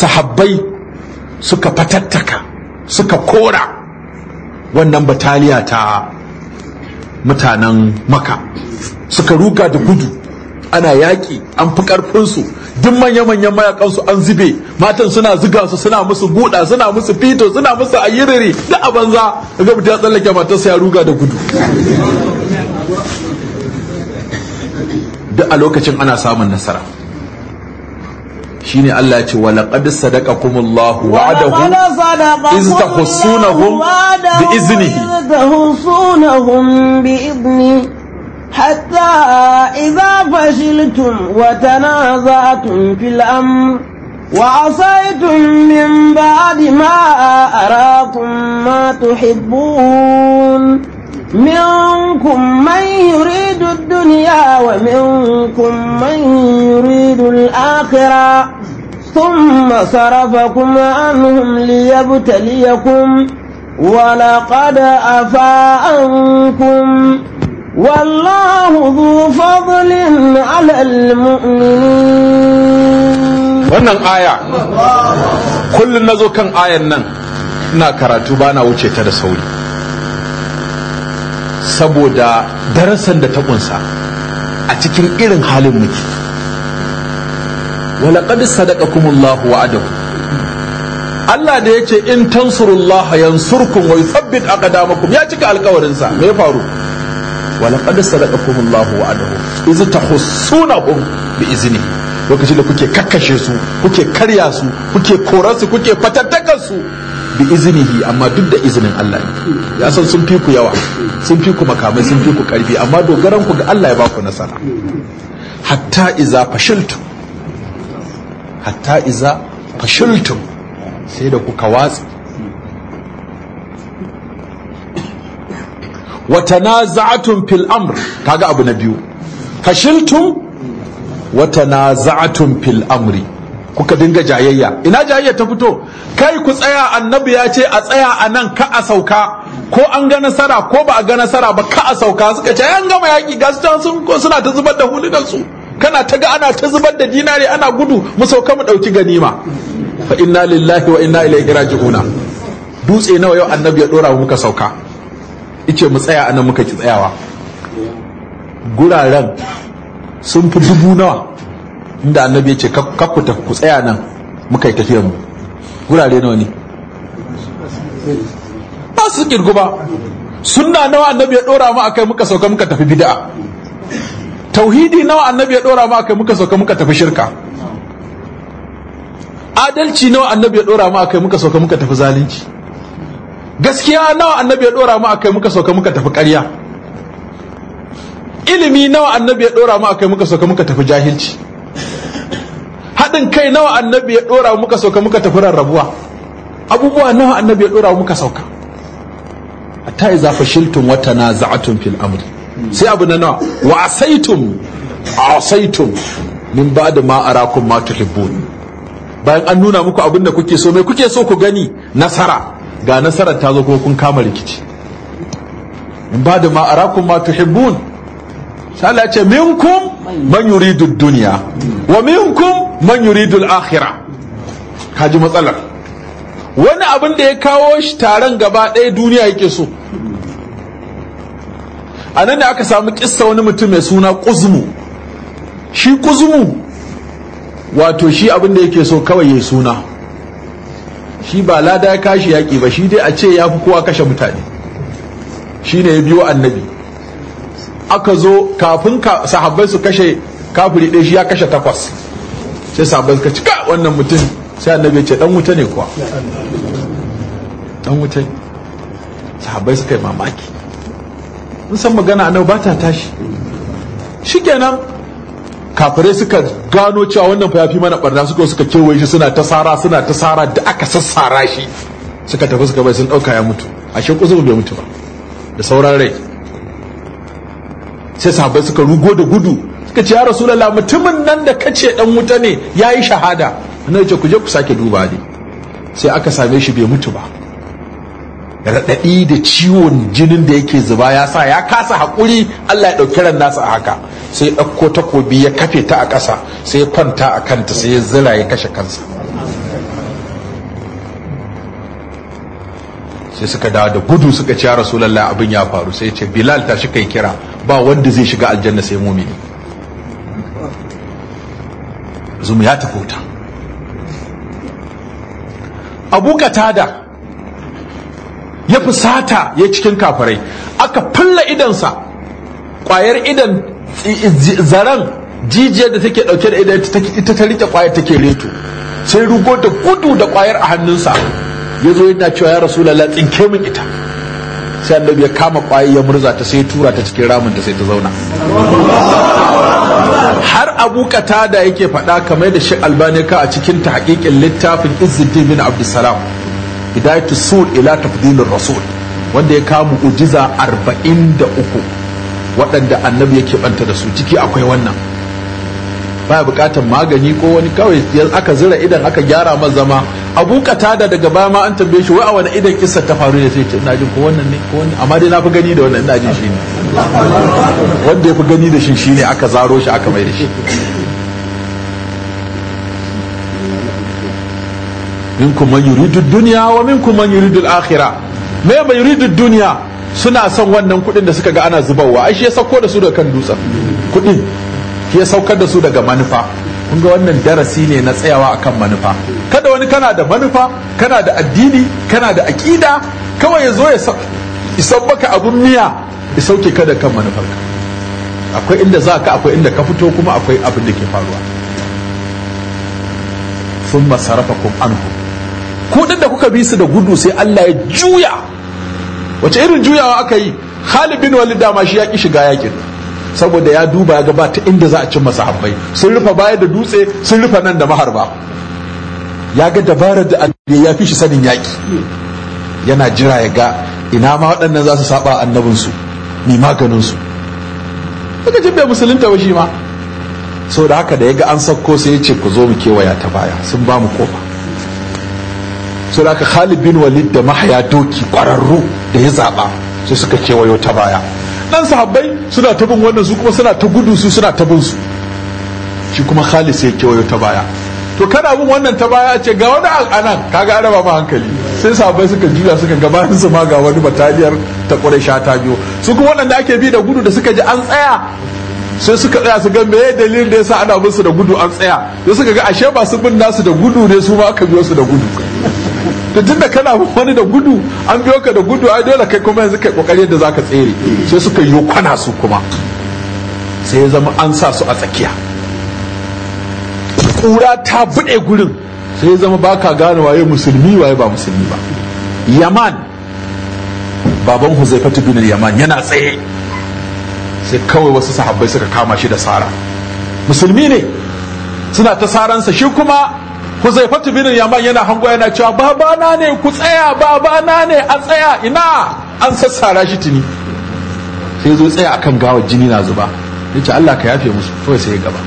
sahabbai suka fatattaka suka kora wannan bataliya ta mutanen maka suka ruga da gudu ana yaƙi an fi ƙarfinsu duk manya-manyan mayakansu an zube matan suna zuga su suna musu buɗa suna musu fito suna musu ayyiriri da a banza ga mutum ya tsallake matarsa ya ruga da gudu duk a lokacin ana samun nasara shine Allah ya ce wa laqad sadaqakum wa'adahu iz tahsunahum bi iznihi حتى إذا فشلتم وتنازعتم في الأمر وعصيتم من بعد ما أراكم ما تحبون منكم من يريد الدنيا ومنكم من يريد الآخرة ثم صرفكم عنهم ليبتليكم ولقد أفاء عنكم والله ذو فضل على المؤمنين wannan aya kullum na zo kan ayan nan ina karatu ba na wuce ta da sauri saboda darasan da ta kunsa a cikin irin halin muke walaƙad sadaqakumullahu wa'adahu Allah da yace ce in tansurullaha yansurkum wa yuthabbit aqdamakum ya cika sa me ya faru ولقد صدقكم الله وعده إذ bi izini lokacin da kuke kakkashe su kuke karya su kuke korar su kuke fatattakar su bi iznihi amma duk da izinin Allah ne ya san sun fi ku yawa sun fi ku makamai sun fi ku karfi amma dogaran ku ga Allah ya ba ku nasara hatta iza fashiltum hatta iza fashiltum sai da kuka watsi watanaza'atun fil amr kaga abu na biyu fashiltum watanaza'atun fil amri kuka dinga jayayya ina jayayya ta fito kai ku tsaya annabi ya ce a tsaya a nan ka a sauka ko an ga nasara ko ba a ga nasara ba ka a sauka suka ce an gama yaƙi ga su sun suna ta zubar da hulunan su kana ta ga ana ta zubar da dinari ana gudu mu sauka mu ɗauki ganima fa inna lillahi wa inna ilaihi raji'una dutse nawa yau annabi ya dora muka sauka ice mu tsaya anan muka ki tsayawa guraren sun fi dubu nawa inda annabi ya ce ta ku tsaya nan muka yi tafiyar mu gurare nawa ne ba su kirgu ba sunna nawa annabi ya dora mu akai muka sauka muka tafi bid'a tauhidi nawa annabi ya dora mu akai muka sauka muka tafi shirka adalci nawa annabi ya dora mu akai muka sauka muka tafi zalunci gaskiya nawa annabi ya dora mu akai muka sauka muka tafi ƙarya ilimi nawa annabi ya dora mu akai muka sauka muka tafi jahilci haɗin kai nawa annabi ya dora muka sauka muka tafi rarrabuwa abubuwa nawa annabi ya dora muka sauka hatta iza fashiltum wa tanaza'tum fil amri sai abu na nawa wa asaitum asaitum min ba'da ma arakum ma tuhibbun bayan an nuna muku abinda kuke so mai kuke so ku gani nasara ga nasarar ta zo ko kun kama rikici in ba da ma'arakun ma tuhibbun hibbun ya ce minkum man yuridu dunya wa minkum man yuridu akhira. Ka kaji matsalar wani abin da ya kawo shi taron gaba ɗaya duniya yake so a nan da aka samu kisa wani mutum mai suna kuzmu shi kuzmu wato shi abin da yake so kawai yayi suna shi ba lada ya kashi yaƙi ba shi dai a ce ya fi kowa kashe mutane shi ne ya biyo annabi aka zo kafin sahabbai su kashe kafiri ɗaya shi ya kashe takwas sai sahabbai suka cika wannan mutum sai annabi ya ce ɗan wuta ne kuwa ɗan wuta ne sahabbai suka yi mamaki in san magana annabi ba ta tashi kenan kafirai suka gano cewa wannan fa yafi mana barna suka suka kewaye shi suna ta sara suna ta sara da aka sassara shi suka tafi suka bai sun dauka ya mutu a ashe kuzubu bai mutu ba da sauran rai sai sahabbai suka rugo da gudu suka ce ya rasulullahi mutumin nan da kace dan wuta ne yayi shahada annabi ce ku je ku sake duba ne sai aka same shi bai mutu ba raɗaɗi da ciwon jinin da yake zuba ya sa ya kasa haƙuri Allah ya ɗauki ran nasa a haka sai ɗauko takobi ya kafe ta a ƙasa sai kwanta a kanta sai ya zira ya kashe kansa sai suka dawo da gudu suka ci rasulallah abin ya faru sai ce bilal ta shi kai kira ba wanda zai shiga aljanna sai mumini zumu ya tafi wuta abu katada ya sata ya cikin kafarai aka fulla idansa kwayar idan zaren jijiyar da take dauke da ita ta rike kwayar take reto sai rugo da kudu da kwayar a hannunsa ya zo yana cewa ya rasu lalla tsinke min ita sai annabi ya kama kwayar ya murza ta sai tura ta cikin ramin da sai ta zauna har abu da yake faɗa kamar da shek albani ka a cikin ta hakikin littafin izzuddin bin abdulsalam hidayatu sul ila tafdilin rasul wanda ya kama ujiza arba'in da uku waɗanda annabi ya keɓanta da su ciki akwai wannan Ba buƙatar magani ko wani kawai aka zira idan aka gyara ma zama abu da daga baya ma an tambaye shi wai a wani idan kissa ta faru ne sai ce ina jin ko wannan ne ko wannan amma dai na fi gani da wannan ina jin shi ne wanda ya fi gani da shi ne aka zaro shi aka mai da shi minkum man yuridu dunya wa minkum man yuridu al-akhirah me mai yuridu dunya suna son wannan kuɗin da suka ga ana zubarwa ai shi ya sauko da su daga kan dutsen kuɗin shi ya saukar da su daga manufa kun ga wannan darasi ne na tsayawa akan manufa kada wani kana da manufa kana da addini kana da aƙida kawai ya zo ya isan baka abun miya ya sauke ka da kan manufar ka.' akwai inda za ka akwai inda ka fito kuma akwai abin da ke faruwa sun masarafa anhu kudin da kuka bi su da gudu sai Allah ya juya wace irin juyawa aka yi Khalid bin Walid dama shi ya ki shiga yakin saboda ya duba ya gaba ta inda za a cin masa habbai sun rufe baya da dutse sun rufe nan da maharba ya ga dabarar da ya fi shi sanin yaki yana jira ya ga ina ma waɗannan za su saba su ni maganinsu daga jibbe musulunta washi shi ma Sau da haka da ya ga an sauko sai ya ce ku zo mu kewaya ta baya sun ba mu kofa sai da Khalid bin Walid da mahaya doki kwararru da ya zaba sai suka kewayo ta baya dan sahabbai suna ta bin wannan su kuma suna ta gudu su suna ta bin su shi kuma Khalid sai kewayo ta baya to kana bin wannan ta baya ce ga wani anan kaga an raba hankali sai sahabbai suka juya suka gabanin su ma ga wani bataliyar ta Quraysha ta biyo su kuma waɗanda ake bi da gudu da suka ji an tsaya sai suka tsaya su ga meye dalilin da ya sa ana musu da gudu an tsaya sai suka ga ashe ba su bin nasu da gudu ne su ma aka biyo su da gudu to tunda kana wani da gudu an biyo ka da gudu ai dole kai kuma yanzu kai kokari da zaka tsere sai suka yi kwana su kuma sai ya zama an sa su a tsakiya kura ta bude gurin sai ya zama baka gane waye musulmi waye ba musulmi ba yaman baban huzaifa bin yaman yana tsaye sai kawai wasu sahabbai suka kama shi da sara musulmi ne suna ta saransa shi kuma huzaifatu ya yaman yana hango yana cewa babana ne ku tsaya babana ne an tsaya ina an sassara shi tuni sai zo tsaya akan gawar jini na zuba ya ce Allah ka yafe musu to sai ya gaba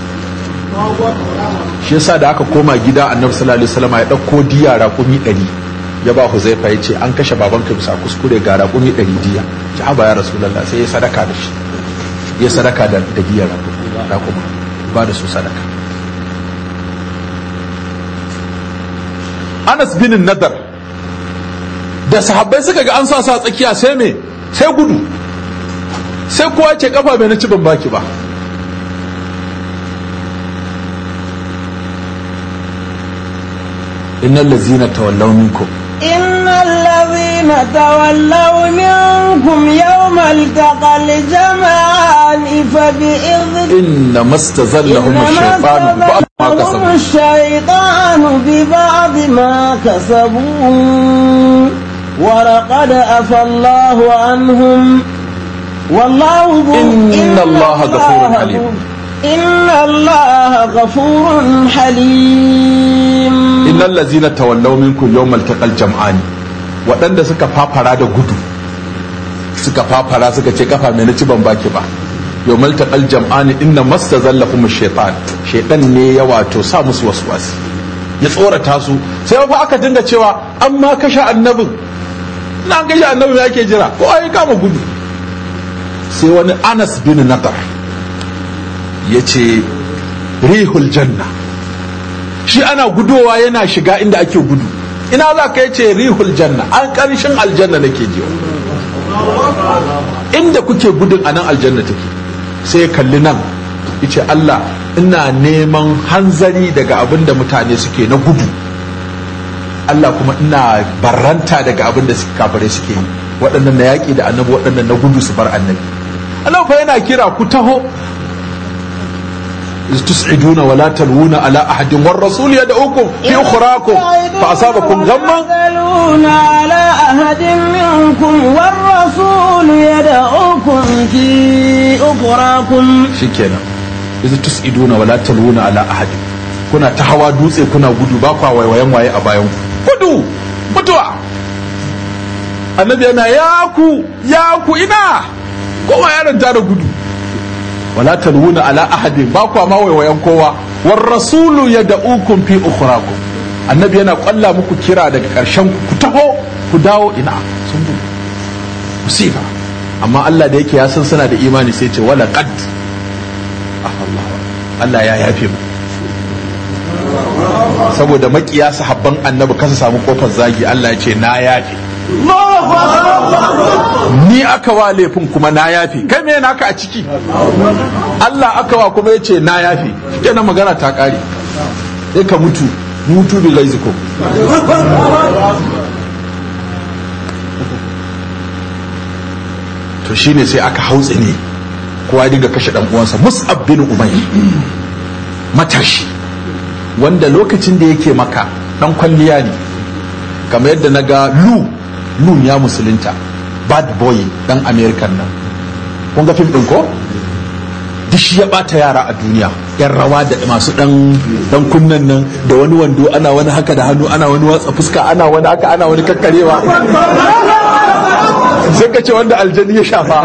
shi yasa da aka koma gida annabi sallallahu alaihi wasallam ya dauko diya raƙumi ɗari. ya ba huzaifa ya ce an kashe babanka bisa kuskure ga raƙumi ɗari diya ci haba ya sai ya sadaka da shi ya sadaka da diya raƙumi ba da su sadaka anas bin nadar da sahabbai suka ga an sa sa tsakiya sai me sai gudu sai kowa ce kafa bai na ci ban baki ba innal ladzina tawallaw minkum innal ladzina tawallaw minkum yawmal taqal jama'an fa bi idhni inna mastazallahum ash-shaytanu كسبوا الشيطان ببعض ما كسبوا ولقد أفى الله عنهم والله إن, إن الله غفور حليم إن الله غفور حليم إن الذين تولوا منكم يوم التقى الجمعان وأن suka fafara da قدو suka fafara suka ce kafa mai na ci ban baki yawmal taqal jam'ani inna zalla kuma shaitan shaitan ne ya wato sa musu waswasi ya tsorata su sai ba aka dinga cewa amma kashe annabin na kashe annabin ya ke jira ko ayi kama gudu sai wani Anas bin Nadar ce rihul janna shi ana gudowa yana shiga inda ake gudu ina za ka yace rihul janna an ƙarshen aljanna nake jiwa inda kuke gudun a nan aljanna take sai kalli nan ice Allah ina neman hanzari daga abin da mutane suke na gudu Allah kuma ina barranta daga abin da kafare suke yi waɗannan na yaƙi da annabi waɗannan na gudu su bar annabi Allah fa yana kira ku taho tus'iduna wa la taluna ala ahadin war rasul yad'ukum fi ukhrakum fa asabakum ghamma ala ahadin minkum war rasul yad'ukum fi ukhrakum shikenan iz tus'iduna wa la taluna ala ahadin kuna ta hawa dutse kuna gudu ba kwa waiwayen waye a bayan ku gudu mutuwa annabi yana ya ku ya ina kowa yaron da gudu wala tarwuna ala ahadin ba kwa ma waiwayan kowa war rasulu ukun fi ukhrakum annabi yana kwalla muku kira daga karshen ku taho ku dawo ina sun bu musifa amma Allah da yake ya san suna da imani sai ce wala qad ah, Allah Allah ya yafe mu saboda makiya sahabban annabi kasa samu kofar zagi Allah ya ce na yafe ni aka wa laifin kuma na yafi kai me naka a ciki Allah aka wa kuma yace na yafe kenan magana ta kare sai ka mutu mutu bi laizikum to shine sai aka hautsi ne kowa dinga kashe dan uwansa mus'ab bin umayy matashi wanda lokacin da yake maka dan kwalliya ne kamar yadda na ga lu nun ya musulunta bad boy dan american nan kun ga fim din ko duk shi ya bata yara a duniya yan rawa da masu dan dan kunnan nan da wani wando ana wani haka da hannu ana wani watsa fuska ana wani haka ana wani kakkarewa sai ka ce wanda aljani ya shafa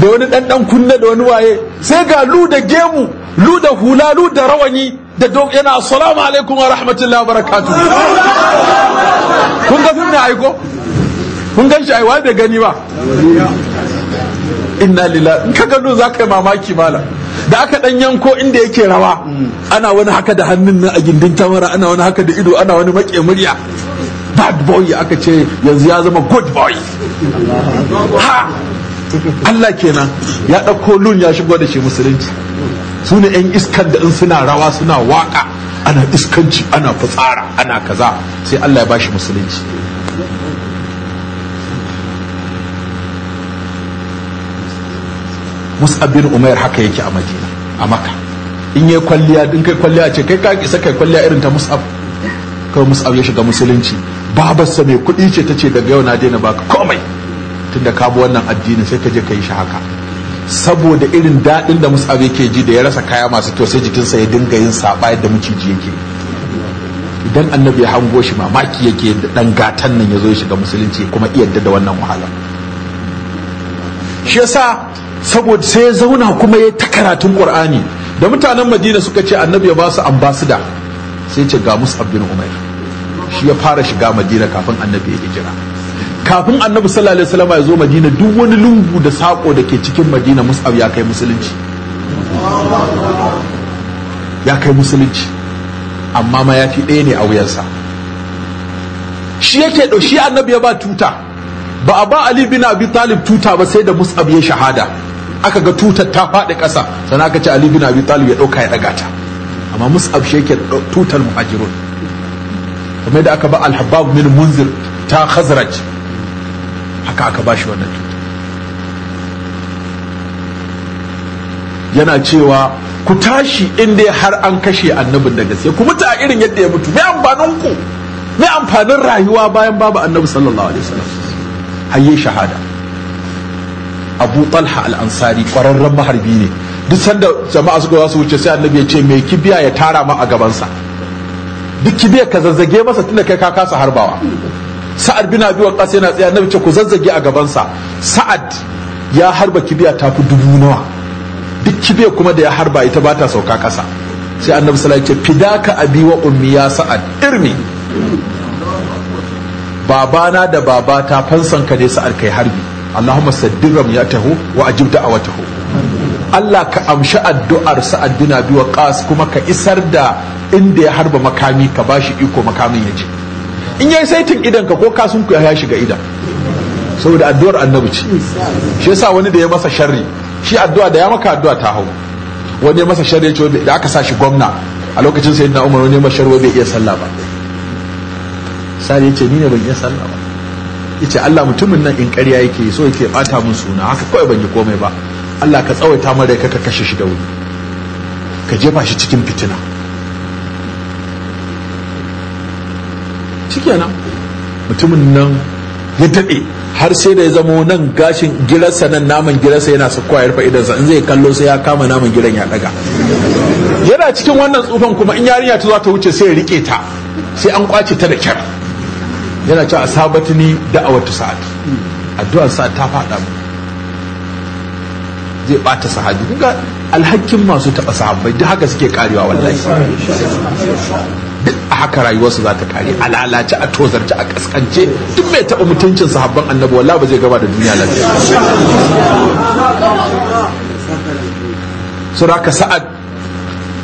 da wani dan dan kunna da wani waye sai ga lu da gemu lu da hula lu da rawani da don yana assalamu alaikum wa rahmatullahi wa barakatuh kun ga fim na aiko kun gan shi aiwa da gani ba inna lila in ka gado za ka yi mamaki mala da aka dan yanko inda yake rawa ana wani haka da hannun na a gindin tamara ana wani haka da ido ana wani make murya bad boy aka ce yanzu ya zama good boy ha Allah kenan ya ɗauko lun ya shigo da shi musulunci su ne 'yan iskar da in suna rawa suna waka ana iskanci ana fitsara ana kaza sai Allah ya bashi musulunci Mus'ab bin Umair haka yake a Madina a Makka in yayi kwalliya din kai kwalliya ce kai ka isa kai kwalliya irin ta Mus'ab kawai Mus'ab ya shiga musulunci babarsa mai kuɗi ce ta ce daga yau na daina baka komai tunda ka bi wannan addini sai ka je ka yi shi haka saboda irin daɗin da mus'ab ke ji da ya rasa kaya masu kyau sai jikinsa ya dinga yin saɓa yadda maciji yake idan annabi ya hango shi mamaki yake da ɗan gatan nan ya zo ya shiga musulunci kuma iya da wannan wahala shi yasa saboda sai ya zauna kuma ya ta karatun qur'ani da mutanen madina suka ce annabi ya ba su ambassador sai ce ga mus'ab bin umar shi ya fara shiga madina kafin annabi ya jira. kafin annabi sallallahu alaihi wasallam ya zo madina duk wani lungu da sako da ke cikin madina mus'ab ya kai musulunci ya kai musulunci amma ma ya fi ɗaya ne a wuyansa shi yake ɗau shi annabi ya ba tuta ba a ba ali bin abi talib tuta ba sai da mus'ab ya shahada aka ga tutar ta faɗi ƙasa sannan aka ce ali bin abi talib ya ɗauka ya ɗaga ta amma mus'ab shi yake tutar muhajirun kamar da aka ba al-habab min munzir ta khazraj haka aka shi wannan tuta yana cewa ku tashi in dai har an kashe annabin da gaske ku mutu a irin yadda ya mutu mai amfanin ku mai amfanin rayuwa bayan babu annabi sallallahu alaihi wasallam hayye shahada abu talha al-ansari kwararren maharbi ne duk sanda jama'a suka za su wuce sai annabi ya ce mai kibiya ya tara ma a gabansa duk kibiya ka zazzage masa tunda kai ka kasa harbawa sa'ad bin abi waqas yana tsaya nabi ce ku zazzage a gabansa sa'ad ya harba kibiya ta fi dubu nawa duk kibiya kuma da ya harba ita ba ta sauka kasa. sai annabi sallallahu alaihi fidaka abi wa ummi ya sa'ad irmi babana da baba ta babata fansanka ne sa'ad kai harbi Allahumma saddiram ya taho wa ajib da'awatahu Allah ka amshi addu'ar sa'ad bin abi waqas kuma ka isar da inda ya harba makami ka bashi iko makamin ya ji in yi saitin idan ka ko kasun ku ya shiga idan saboda addu'ar annabi ce shi yasa wani da ya masa shari, shi addu'a da ya maka addu'a ta hau wani ya masa sharri ce da aka sa shi gwamna a lokacin sayyidina Umar wani ya masa sharri bai iya sallah ba sai yace ni ne ban iya sallah ba yace Allah mutumin nan in karya yake so yake bata mun suna haka kawai ban yi komai ba Allah ka tsawaita mara ka kashe shi da wuri ka jefa shi cikin fitina nan mutumin nan ya daɗe har sai da ya zama nan gashin girarsa nan naman girarsa yana su ya rufe idansa in zai kallo sai ya kama naman giran ya daga yana cikin wannan tsufan kuma in yarinya ta zo ta wuce sai ya rike ta sai an kwace ta da kyar yana cewa a wata sa'ad addu'ar sa'ad ta faɗa mu zai bata sahabi kuka alhakin masu taɓa sahabbai duk haka suke karewa wallahi duk a haka rayuwarsu za ta kare a lalace a tozarce a kaskance duk mai taɓa mutuncin sahabban annabi wallahi ba zai gaba da duniya lafiya suraka sa'ad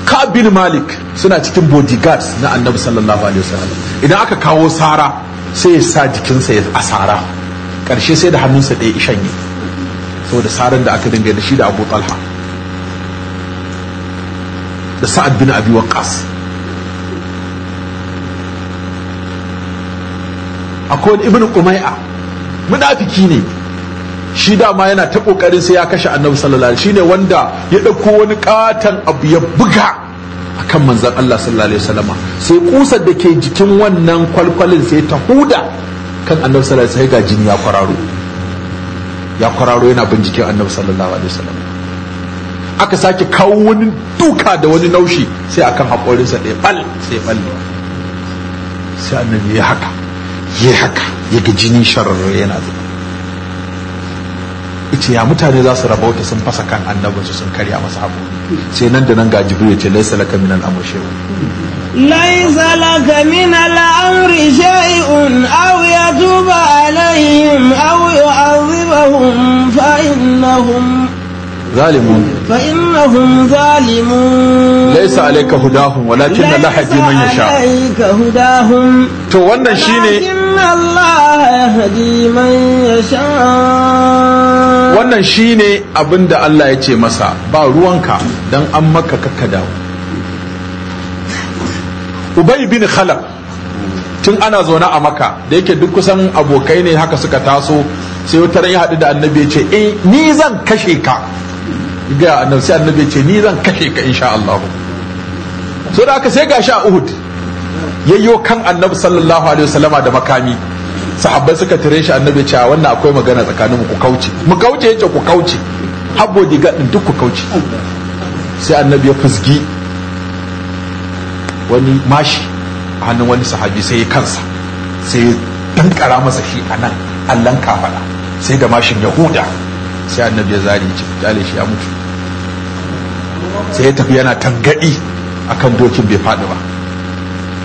ka'ab bin malik suna cikin bodyguards na annabi sallallahu alaihi wasallam idan aka kawo sara sai ya sa jikinsa ya asara karshe sai da hannunsa ɗaya ishanye saboda saran da aka dinga da shi da abu talha da sa'ad bin abi waqas akwai wani ibn umai'a munafiki ne shi dama yana ta kokarin sai ya kashe annabi sallallahu alaihi shine wanda ya dauko wani katan abu ya buga akan manzon Allah sallallahu alaihi wasallama sai kusar da ke jikin wannan kwalkwalin sai ta huda kan annabi sallallahu alaihi wasallam ga jini ya kwararo ya kwararo yana bin jikin annabi sallallahu alaihi wasallam aka sake kawo wani duka da wani naushi sai akan haƙorinsa ɗaya bal sai balle sai annabi ya haka Yi haka ya ga jini sharar yana zuba ita ya mutane za su rabauta sun fasa kan su sun karya masa abu sai nan da nan ga jibril ya ce laisa laka min al'amur shehu laisa laka min al'amr shay'un aw yatuba alaihim aw yu'adhibahum fa innahum ظالمون فإنهم ظالمون ليس عليك هداهم ولكن الله يهدي من يشاء عليك هداهم تو wannan shine Allah yahdi man yasha wannan shine abinda Allah ya ce masa ba ruwanka don an maka kakka dawo Ubay bin Khalaf tun ana zaune a maka da yake duk kusan abokai ne haka suka taso sai wata ya haɗu da annabi ya ce eh ni zan kashe ka ga annabi annabi ce ni zan kashe ka insha Allah so da aka sai ga sha Uhud yayyo kan annabi sallallahu alaihi wasallama da makami sahabbai suka tare shi annabi cewa wannan akwai magana tsakaninmu ku kauce mu kauce yace ku kauce habbo diga din duk ku kauce sai annabi ya fusgi wani mashi a hannun wani sahabi sai ya kansa sai ya tankara masa shi a nan allon kafada sai da mashin yahuda sai annabi ya zari ce shi ya mutu sai ya tafi yana tangadi akan dokin bai faɗi ba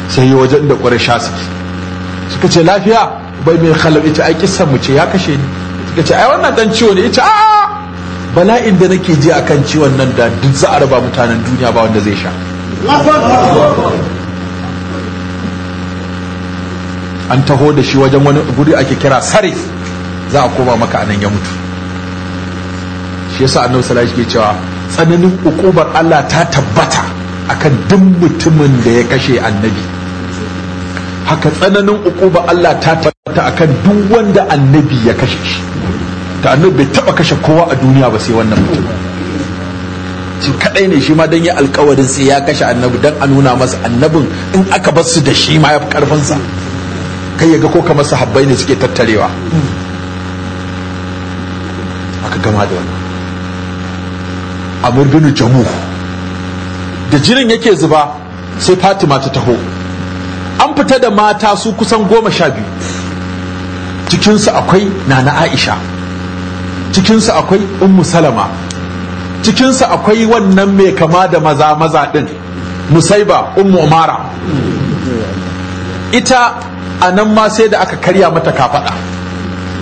sai yi wajen da ƙwarar sha suke suka ce lafiya bai mai halar ita aiki kissan mu ce ya kashe ni suka ce ai wannan dan ciwo ne ita a bala'in da nake ji akan ciwon nan da duk za a raba mutanen duniya ba wanda zai sha an taho da shi wajen wani guri ake kira sarif za a koma maka anan ya mutu shi yasa annabi sallallahu alaihi wasallam yake cewa tsananin hukumar Allah ta tabbata akan duk mutumin da ya kashe annabi haka tsananin hukumar Allah ta tabbata akan duk wanda annabi ya kashe shi ta annabi bai taba kashe kowa a duniya ba sai wannan mutum shi kadai ne shi ma dan ya alkawarin sai ya kashe annabi dan a nuna masa annabin in aka bar su da shi ma ya fi karfin kai ya ga ko kamar sahabbai ne suke tattarewa aka gama da wannan a murbinu jamu da jinin yake zuba sai fatima ta taho an fita da mata su kusan goma sha biyu cikinsu akwai nana aisha cikinsu akwai ummu salama cikinsu akwai wannan mai kama da maza maza ɗin musaiba ummu umara ita a nan ma sai da aka karya mata kafaɗa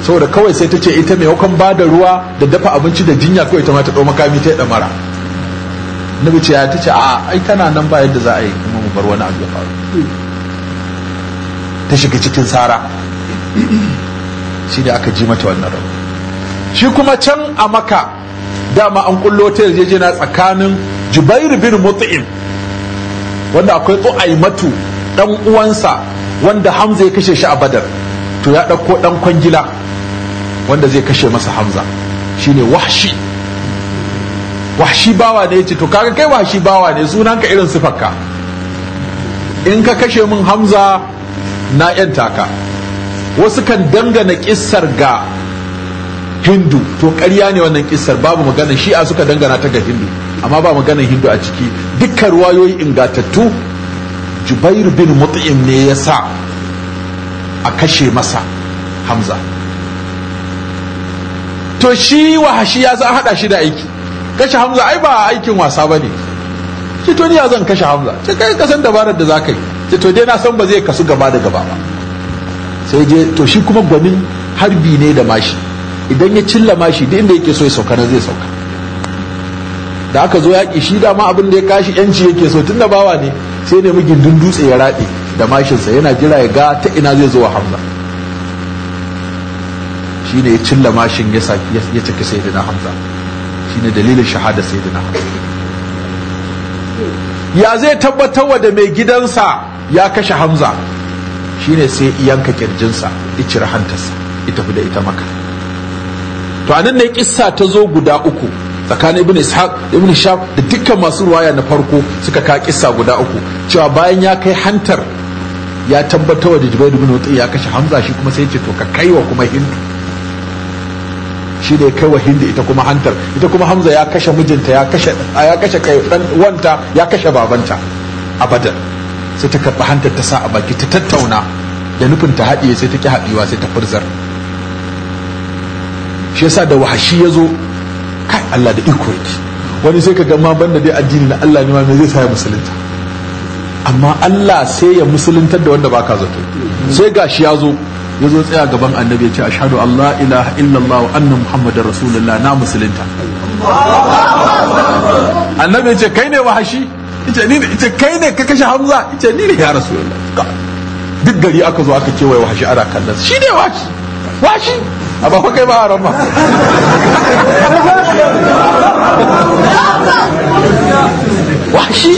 saboda kawai sai ta ce ita hukun ba da ruwa da dafa abinci da jinya kawai ta mata ta ɗau makami ta ɗamara mara nabi ce ya ce a ai tana nan ba yadda za a yi kuma mu bar wani abu ya faru ta shiga cikin sara shi ne aka ji mata wannan rabu shi kuma can a maka dama an kullo ta yarjejena tsakanin jubairu bin mut'im wanda akwai tsu'aimatu dan uwansa wanda hamza ya kashe shi a badar to ya ɗauko ɗan kwangila wanda zai kashe masa hamza shine wahshi wahshi bawa ne yace to kaga kai wahshi bawa ne sunanka irin sifarka in ka kashe min hamza na yan taka wasu kan dangana kissar ga hindu to karya ne wannan kissar babu maganar shi'a suka dangana ta ga hindu amma ba maganar hindu a ciki dukkan ruwayoyi ingatattu jubairu bin mut'im ne ya sa a kashe masa hamza to shi wahashi ya san hada shi da aiki kashe hamza ai ba aikin wasa bane shi to ni ya zan kashe hamza ce kai ka dabarar da zaka yi ce to dai na san ba zai kasu gaba da gaba ba sai je to shi kuma gwanin harbi ne da mashi idan ya cilla mashi duk inda yake so ya sauka na zai sauka da aka zo yaƙi shi dama abin da ya kashi yanci yake so da bawa ne sai ne mugin dutse ya raɗe da mashinsa yana jira ya ga ta ina zai zo wa hamza shine ya cilla mashin ya saki ya ciki sayyidina hamza shine dalilin shahada sayyidina hamza ya zai tabbatar da mai gidansa ya kashe hamza shine sai yanka kirjinsa ya cire hantarsa ya tafi da ita maka to anan ne kissa ta zo guda uku tsakanin ibn ishaq ibn shab da dukkan masu ruwaya na farko suka ka kissa guda uku cewa bayan ya kai hantar ya tabbatar da jibairu bin ya kashe hamza shi kuma sai ya ce to ka kaiwa kuma hindu ne kai wa ita kuma hantar ita kuma hamza ya kashe mijinta ya kashe ya kashe kai dan wanta ya kashe babanta a badar sai ta karɓi hantar ta sa a baki ta tattauna da nufin ta haɗiye sai ta ki haɗiwa sai ta furzar shi yasa da wahashi ya zo kai Allah da iko yake wani sai ka ga ma banda dai addini na Allah ne ma me zai sa ya musulunta amma Allah sai ya musuluntar da wanda baka zato sai gashi ya zo ya zo tsaya gaban annabi ya ce ashhadu allah ilaha illallah wa anna muhammadar rasulullah na musulunta annabi ya ce kai ne wahashi ita ni kai ne ka kashe hamza ita ni ne ya rasulullah duk gari aka zo aka kewaye wahashi ana kallon shi ne wahashi wahashi a ba kai ba haram ba wahashi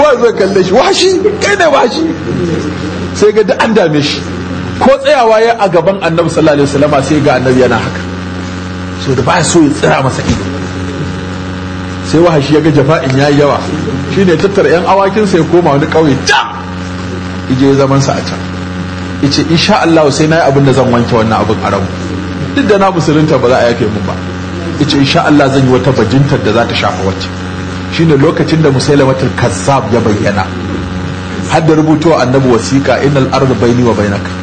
ko zai kalle shi wahashi kai ne wahashi sai ga da an dame shi ko tsayawa ya a gaban annabi sallallahu alaihi wasallama sai ga annabi yana haka so da ba so ya tsira masa ido sai wahashi ya ga jafa'in yayi yawa shine tattara yan awakin sai koma wani kauye jam ije zaman sa a can yace insha Allah sai nayi abin da zan wanke wannan abin a duk da na musulunta ba za a yafe mun ba yace insha Allah zan yi wata bajinta da za ta shafa wacce shine lokacin da musailamatul kazzab ya bayyana Hadda da annabi wasiqa innal ardu baini wa bainaka